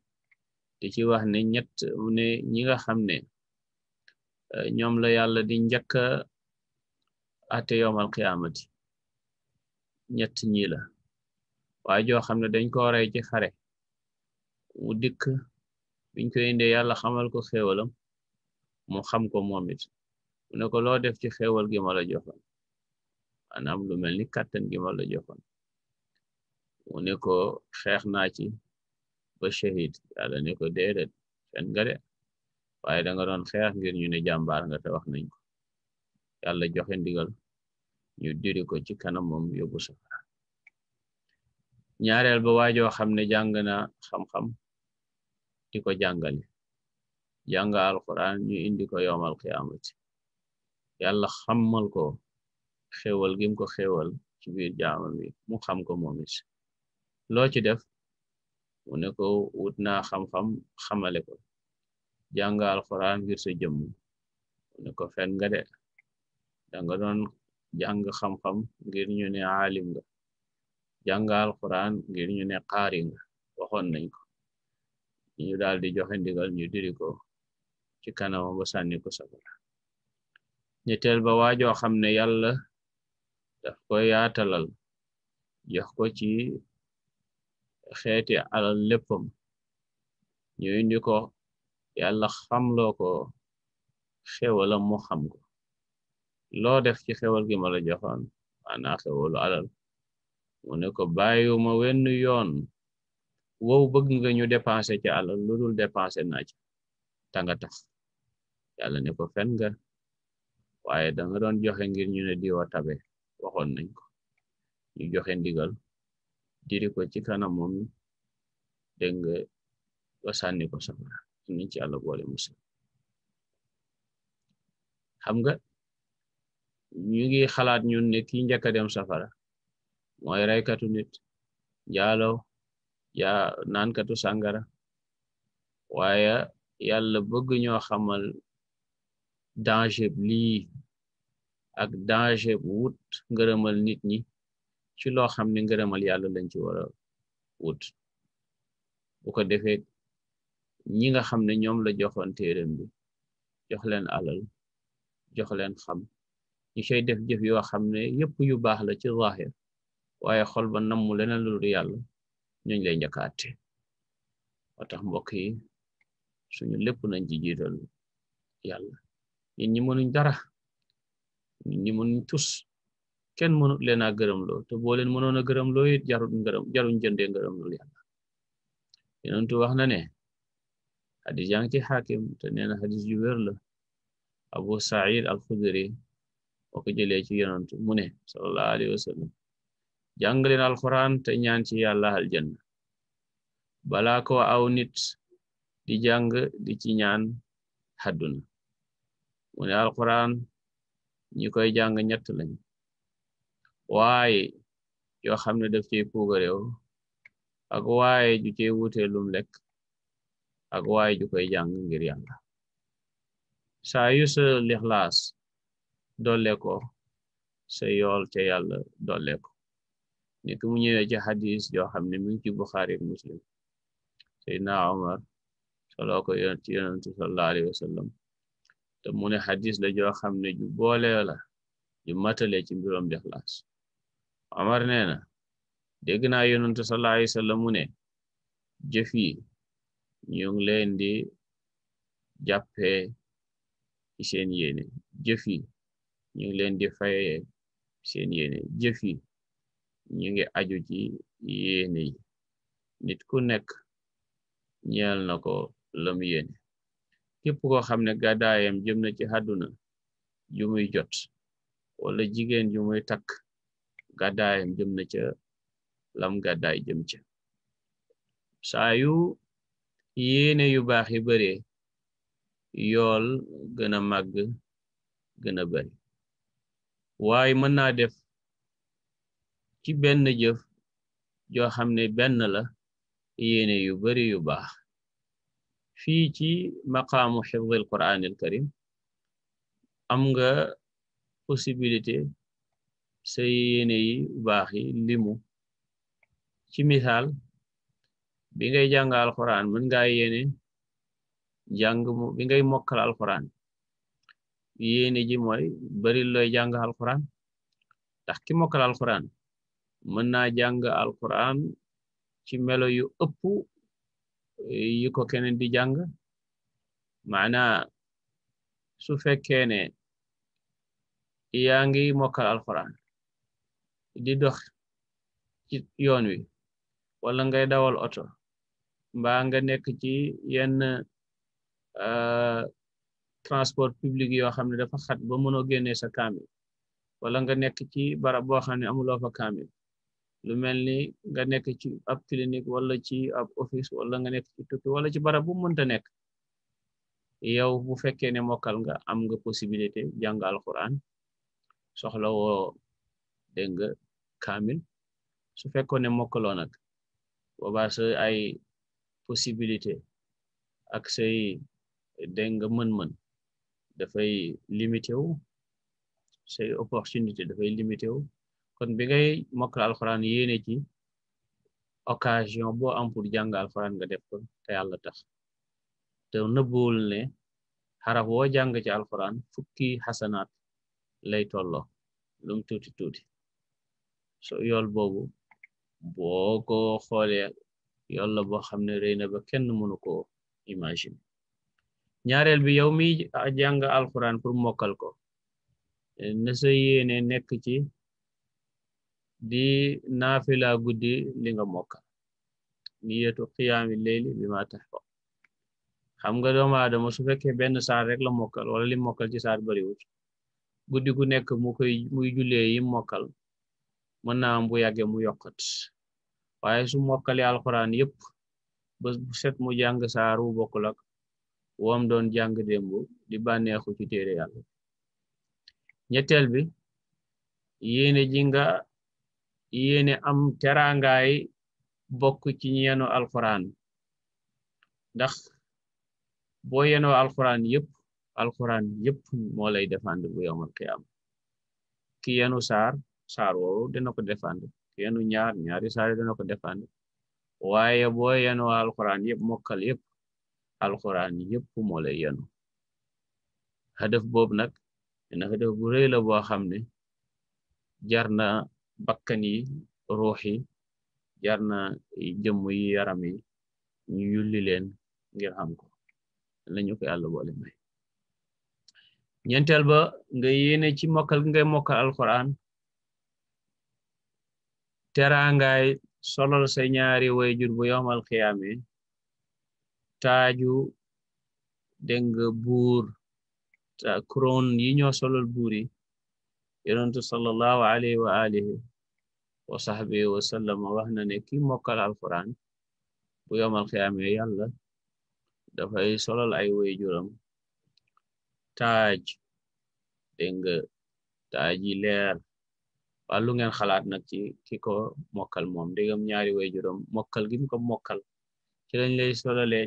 di wax ne ñett ñi nga xam ne euh, ñoom la yàlla di njëkk ate yowmal qiyaamati ñett ñi la waaye joo xam ne dañ ko rey ci xare mu dikk biñ ko indee yàlla xamal ko xéewalam mu xam ko moom it mu ne ko loo def ci xéewal gi ma la maanaam lu mel ni kàttan gi ma la joxoon mu ne ko xeex naa ci ba shahid yàlla ne ko déedéet fen nga de waaye da nga doon xeex ngir ñu ne jàmbaar nga te wax nañ ko yàlla joxe ndigal ñu diri ko ci kanam moom yóbbu safara ñaareel ba waajoo xam ne jàng na xam-xam di ko jàngale jàng alquran ñu indi ko yowmal qiyaamati yàlla xamal ko xéewal gim ko xéewal ci biir jaamam bi mu xam ko moomis loo ci def mu ne ko wut naa xam-xam xamale ko jànga alxuraan ngir sa jëmm mu ko fen nga de danga doon jàng xam-xam ngir ñu ne aalim nga jànga alxuraan ngir ñu ne qaari nga waxoon nañ ko ñu daal di joxe ndigal ñu diri ko ci kanam ba sànni ko sabara ñetteel ba waajoo xam ne yàlla daf ko yaatalal jox ko ci xeeti alal léppam ñu indi ko yàlla xamloo ko xewala mu xam ko loo def ci xewal gi ma la joxoon maanaa alal mu ne ko bàyyiwuma wenn yoon wow bëgg nga ñu dépensé ci alal lu dul dépensé naa ci tanga tax yàlla ne ko fen nga waaye danga doon joxe ngir ñu ne diwa tabe waxoon nañ ko ñu joxe ndigal diri ko ci kanam moom dégg nga ba sànni ko safara nañ ci àlla boole musul xam nga ñu ngi xalaat ñun ne ki dem safara mooy raykatu nit njaalo yaa naankatu sàngara waaye yàlla bëgg ñoo xamal danger lii ak danger bu wut ngërëmal nit ñi ci loo xam ne ngërëmal yàlla lañ ci war a wut bu ko defee ñi nga xam ne ñoom la joxoon téeram bi jox leen alal jox leen xam ñu cay def jëf yoo xam ne yépp yu baax la ci zahir waaye xol ba nammu leneen lu dul yàlla ñooñ lay njëkkaate moo tax mbokk yi suñu lépp nañ ci jiital yàlla yéen ñi mënuñ dara nit ñi mënuñ tus kenn mënut leen a gërëm te boo leen mënoon a gërëm loo it jarul ngërëm jaruñ jëndee wax na ne xadis yaa ngi ci xaakim te nee na xadis wér la abu said al xudri boo ko jëlee ci yonentu mu ne sallallahu alayhi wa te ñaan ci yàlla aljanna balaa ko aw nit di jàng di ci ñaan xadduna mu ñi koy jàng ñett lañ waaye yoo xam ne daf cey puugaréew ak waaye ju cey wutee lum lekk ak waaye ju koy jàng ngir yàlla saa yu sa lixlaas dolle ko sa yool ca yàlla dolle ko ni ki mu ñëwee yoo xam ne mi ngi ci buxaari ak muslim seydna omar soloo ko yonent yonentu sallallahu alayhi wa te mu ne xadis la joo xam ne ju boole la ju matale ci mbirom dixlaas Omar nee na dégg naa yonentu sallallahu alayhi wasallam mu ne jëf yi ñu leen di jàppee yéene jëf yi ñu ngi leen di fayee seen yéene jëf yi ñu ngi aju ci yéene nit ku nekk ñeel na ko lam képp koo xam ne gàddaayam jëm na ci àdduna ju jot wala jigéen ju muy takk gàddaayam jëm na ca lam gàddaay jëm ca saa yu yéene yu baax yi bare yool gën a màgg gën a bari waaye mën naa def ci benn jëf joo xam ne benn la yéene yu bari yu baax fii ci maqaamu xifdil quranil karim am nga possibilité sa yéene yi baax yi ci misaal bi ngay jàng alquran mën nga yéene jàng bi ngay mokkal alquran yéene ji mooy bari looy jàng alquran ndax ki mokkal alquran mën naa jàng alquran ci melo yu ëpp yi ko keneen di jàng maana su fekkee ne yaa ngi mokkal alxuraan di dox ci yoon wi wala ngay dawal oto mbaa nga nekk ci yenn euh, transport public yoo xam ne dafa xat ba mënoo génnee sa kaamil wala nga nekk ci barab boo xam ne amuloo fa lu mel ni nga nekk ci ab clinique wala ci ab office wala nga nekk ci tukki wala ci barab bu mënta nekk yow bu fekkee ne mokkal nga am nga possibilité jàng alquran soxla woo dégg nga kamil su fekkoon ne mokkaloo nag boobaa ay possibilité ak say dégg nga mën-mën dafay limité wu say opportunité dafay limité kon bi ngay mokkal alxuraan yéene ci occasion boo am pour jàng nga def ko te yàlla tax te nëbbuwul ne xaraf woo jàng ci alxuraan fukki xasanaat lay tolloo lum tuuti tuuti so yool bobu boo ko xoolee yool la boo xam ne rëy na ba kenn mënu ko imagine ñaareel bi yow mi jàng alxuraan pour mokkal ko na sa nekk ci di naafila guddi li nga mokkal niyetu qiyaami leyli bi xam nga doomu aadama su fekkee benn saar rek la mokkal wala li mokkal ci saar bariwut guddi gu nekk mu koy muy jullee yi mokkal mën naa am bu yàggee mu yokkat waaye su mokkale alxuraan yépp ba set mu jàng saar wu bokkul ak doon jàng démb di bànneexu ci téere yàlla ñetteel bi yéene ji yéene am teraangaay bokk ci ñi yeno alquran ndax boo yenoo alquran yëpp alquran yëpp moo lay défendre bu yowmal qiyaama ki yenu saar saar woowu dina ko défendre ki yenu ñaar ñaari saar dina ko défendre waaye boo yenoo alquran yëpp mokkal yëpp alquran yëpp moo lay yenu hadaf boobu nag dina hadaf bu rëy la boo xam ne jar na bakkan yi ruux yi jar na jëmm yi yaram yi ñu yulli leen ngir xam ko lañu ko yàlla boole may ba nga yéene ci mokkal ngay mokkal alquran teraangaay solol sa ñaari wayjur bu yowmal xiyaame taaju dégg nga buur ta kuroon ñoo solol buur yi yonentu sallallahu alayhi wa alihi wa sahbihi wa sallama wax na ne ki mokkal alquran bu yomal xiyaame yàlla dafay solal ay waajuram taaj dégg nga taaj yi leer wallu lu ngeen xalaat nag ci ki ko mokkal moom digam ñaari waajuram mokkal gim ko mokkal ci lañ lay solale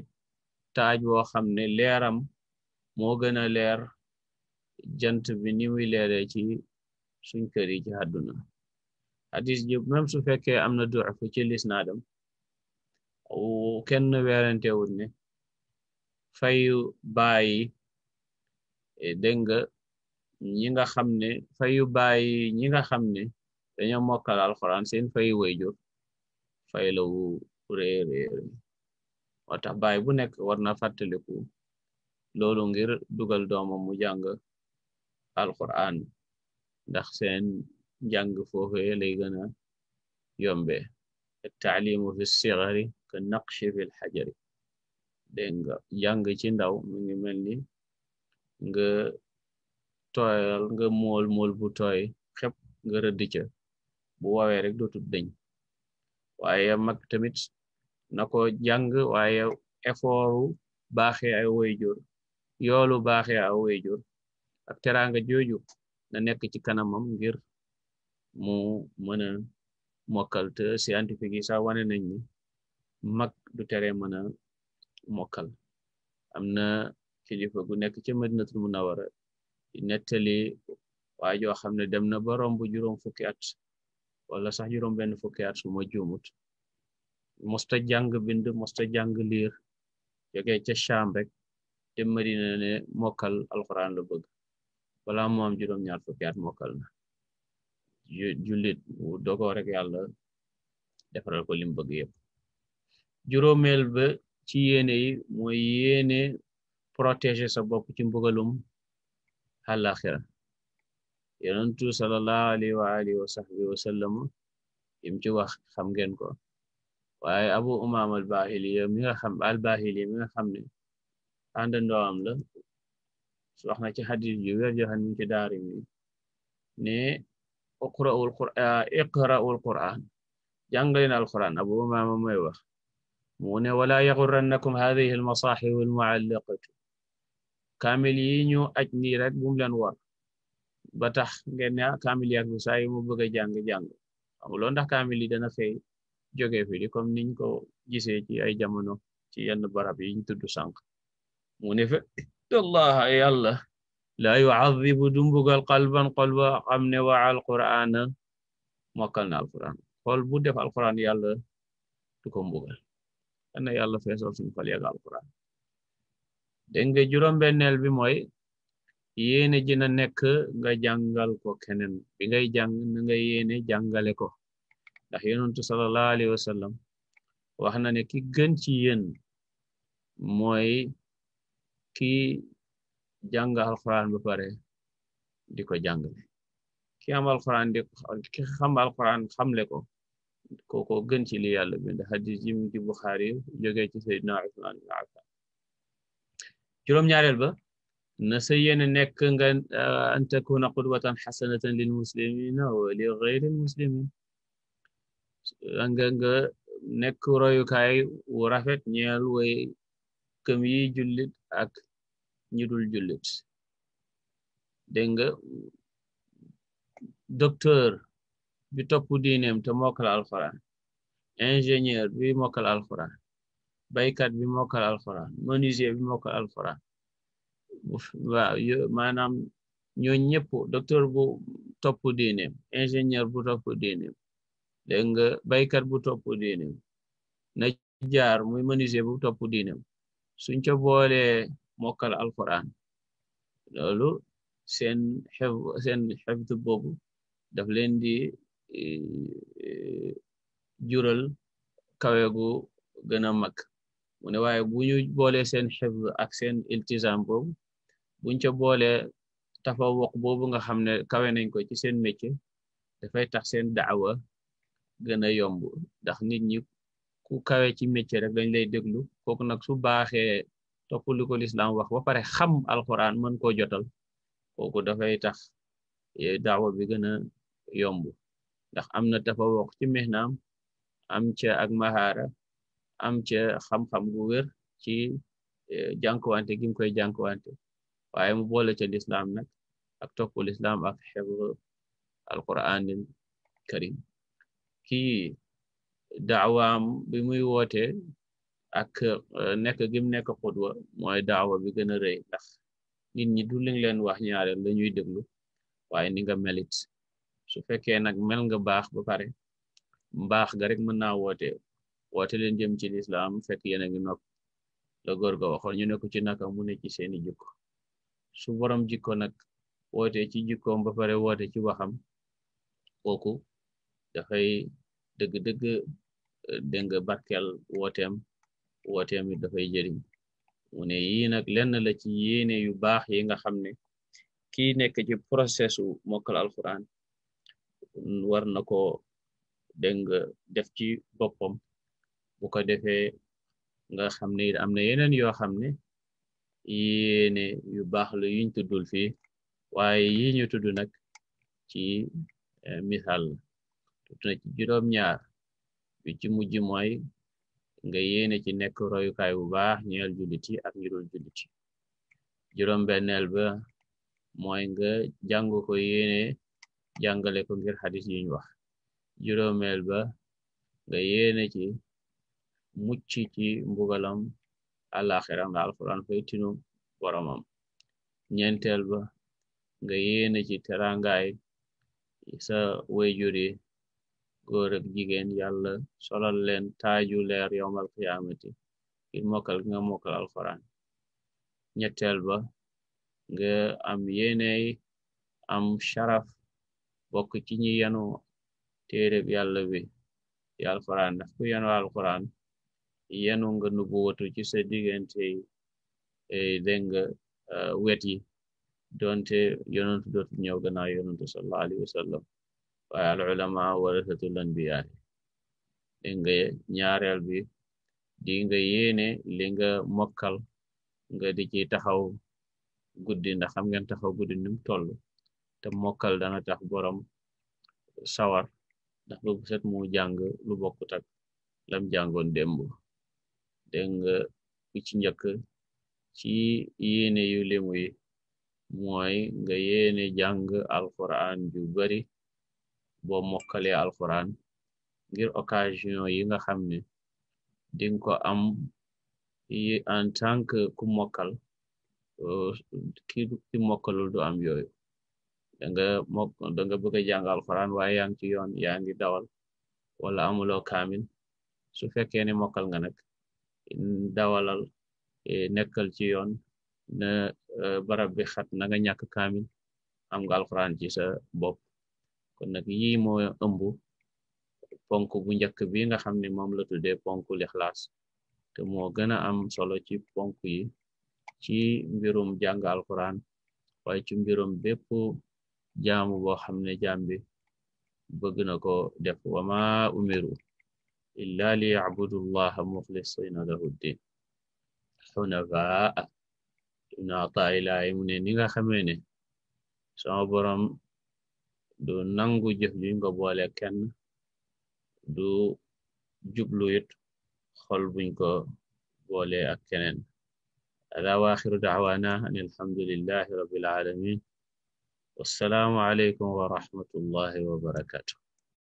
taaj boo xam ne leeram moo gën a leer jant bi ni muy ci suñ kër yi ci àdduna hadis ji même su fekkee am na duuf ci lisnaadam kenn weerantewut ne fayu bàyyi dégg nga ñi nga xam ne fayu bàyyi ñi nga xam ne dañoo mokkal seen fay la wu rëy rëy tax baay bu nekk war na fàttaliku loolu ngir dugal doomam mu jàng alxuraan ndax seen njàng foofee lay gën a yombe taalimu fi sigari ka naqshi fi lxajari dégg nga jàng ci ndaw mu ngi mel ni nga tooyal nga mool mool bu tooy xepp nga rëdd ca bu woowee rek dootul dëñ waaye mag tamit na ko jàng waaye efooru baaxee ay woy jur yoolu baaxee ay woy jur na nekk ci kanamam ngir mu mën a mokkal te scientifique yi sax wane nañ ni mag du tere mën a mokkal am na kilifa gu nekk ci madinatul munawara nettali waa joo xam ne dem na ba romb juróom fukki at wala sax juróom benn fukki at su ma mosta jàng bind mosta jàng liir jógee ca Shaam rek dem Madina ne mokkal alxuraan la bëgg bala moom am juróom-ñaar fukki at mokkal na jullit rek yàlla defaral ko lim bëgg yëpp juróomeel ba ci yéene yi mooy yéene protéger sa bopp ci mbugalum àllaaxira yonentu sallallahu alayhi wa alihi wa sahbihi wa sallam yim ci wax xam ngeen ko waye abu umaam albahili mi nga xam albahili mi nga xam ne wax na ci xadis ju wér joo xam ne ci daari mi ne iqra'ul qur'an iqra'ul qur'an jàngaleen alquran abu umaama mooy wax mu ne wala yaxurrannakum hadihi almasaaxifu almuallaqatu kaamil yi ñu aj nii rek bu mu leen war ba tax ngeen ne ah kaamil yi ak bu saa yi mu bëgg a jàng-jàng amuloo ndax kaamil yi dana fay joge fi di niñ ko gisee ci ay jamono ci yenn barab yi ñu tudd sànq mu fe الله يلا la yu'adhibu du mbugal qalban xol ba xam ne waa alqur'ana mokkal na alqur'an xol bu def alqur'an yàlla du ko mbugal ana yàlla feesal suñu xol yàgg alqur'an dégg nga juróom-benneel bi mooy yéene ji na nekk nga jàngal ko keneen bi ngay jàng na nga yéene jàngale ko ndax yonentu sallallahu alayhi wa sallam wax ne ki gën ci yéen ki jàng alxuraan ba pare di ko jàngale ki am alxuraan di ki xam alxuraan xamle ko kooko gën ci li yàlla bind xadis ci Seydina Usmaan ibn Affaan juróom ba na sa yéene nga eh, an takuna qudwatan xasanatan lil muslimina wa li muslimin nga nga nekk royukaay wu rafet ñeel way ak ñu dul jullit dégg nga docteur bi topp diineem te mokkal alxuraan ingénieur bi mokkal alxuraan baykat bi mokkal alxuraan menuisier bi mokkal alxuraan waaw maanaam ñoo ñëpp docteur bu topp diineem ingénieur bu topp diineem dégg nga baykat bu topp diineem na jaar muy menuisier bu topp diineem suñ ca boolee mokkal alquran loolu seen xef seen xefdu boobu daf leen di eh, jural kaweegu gën a mag mu ne waaye bu ñu boolee seen xef ak seen iltizam boobu buñ ca boolee tafa wok boobu nga xam ne kawe nañ ko ci seen métier dafay tax seen daawa gën a yomb ndax nit ku kawe ci métier rek dañ lay déglu kooku nag su baaxee topp lu wax ba pare xam alquran mën koo jotal kooku dafay tax e, daawa bi gën a yomb ndax am na wok ci mihnaam am ca ak mahaara am ca xam-xam gu wér ci e, jànkuwante gi mu koy jànkuwante waaye mu boole ca lislaam nag ak topp lislaam ak xebru alquranil karim kii daawaam bi muy woote ak eh, nekk gim nekk xudwa mooy daawa bi gën a rëy ndax nit ñi du li nga leen wax ñaareel la ñuy déglu waaye ni melit su fekkee nag mel nga baax ba pare mbaax ga rek mën naa woote woote leen jëm ci lislaam fekk yéen a ngi nopp la góor ga waxoon ñu ne ko ci naka mu ne ci seeni jikko su borom jikko nag woote ci jikkoom ba pare woote ci waxam kooku dafay dëgg-dëgg dégg nga barkeel wooteem wooteem it dafay jëriñ mu ne yii nag lenn la ci yéene yu baax yi nga xam ne ki nekk ci processu mokkal alquran war na ko dégg nga def ci boppam bu ko defee nga xam ne am na yeneen yoo xam ne yéene yu baax la yuñ tuddul fii waaye yi ñu tudd nag ci eh, misaal la juróom-ñaar bi ci mujj mooy nga yéene ci nekk royukaay bu baax ñeel jullit yi ak ñirul jullit yi juróom ba mooy nga jàng ko yéene jàngale ko ngir xadis yiñ wax juróomeel ba nga yéene ci mucc ci mbugalam àlaxiram la alquran fay tinu boromam ba nga yéene ci terangaay sa wayjur góor ak jigéen yàlla solal leen taaju leer yowmal qiyaamati ngir mokkal nga mokkal alquran ñetteel ba nga am yéeney am sharaf bokk ci ñi yanu téereb yàlla bi di alquran ndax ku yanu alquran yanu ci sa diggante e, dégg nga e, wet yi doonte yonantu dootu ñëw gannaaw yonantu sallallahu alayhi wa sallam waaye al ulama warasatul anbiyaa li nga ñaareel bi di nga yéene li nga mokkal nga di ci taxaw guddi ndax xam ngeen taxaw guddi num toll te mokkal dana tax borom sawar ndax ba set mu jàng lu bokkut tak lam jàngoon démb dégg nga ku ci njëkk ci yéene yu limu yi mooy nga yéene jàng alquran ju bari boo mokkalee alquran ngir occasion yi nga xam ne dinga ko am en tant que ku mokkal euh, ki ki du am yooyu danga mok danga bëgg a jàng alquran waaye yaa ngi ci yoon yaa ngi dawal wala amuloo kaamil su fekkee ne mokkal nga nag dawalal eh, nekkal ci yoon na euh, barab bi xat na nga ñàkk kaamil am nga alquran ci sa bopp kon nag yi moo ëmb ponk bu njëkk bi nga xam ne moom la de ponk lixlaas te moo gën a am solo ci ponk yi ci mbirum jàng alquran waaye ci mbirum bépp jamu boo xam ne jaam bi bëgg na ko def wa ma umiru illa li yacbudu llaha muxlisina na ddin xunafaa ibnu ataa ilaahi mu ne ni nga xamee borom du nangu jëf juñ ko boole kenn du jublu xol buñ ko boole ak keneen ala waaxiru dacwaana an alhamdulillahi rabbil alamin wassalaamu aleykum wa rahmatullahi wa barakatu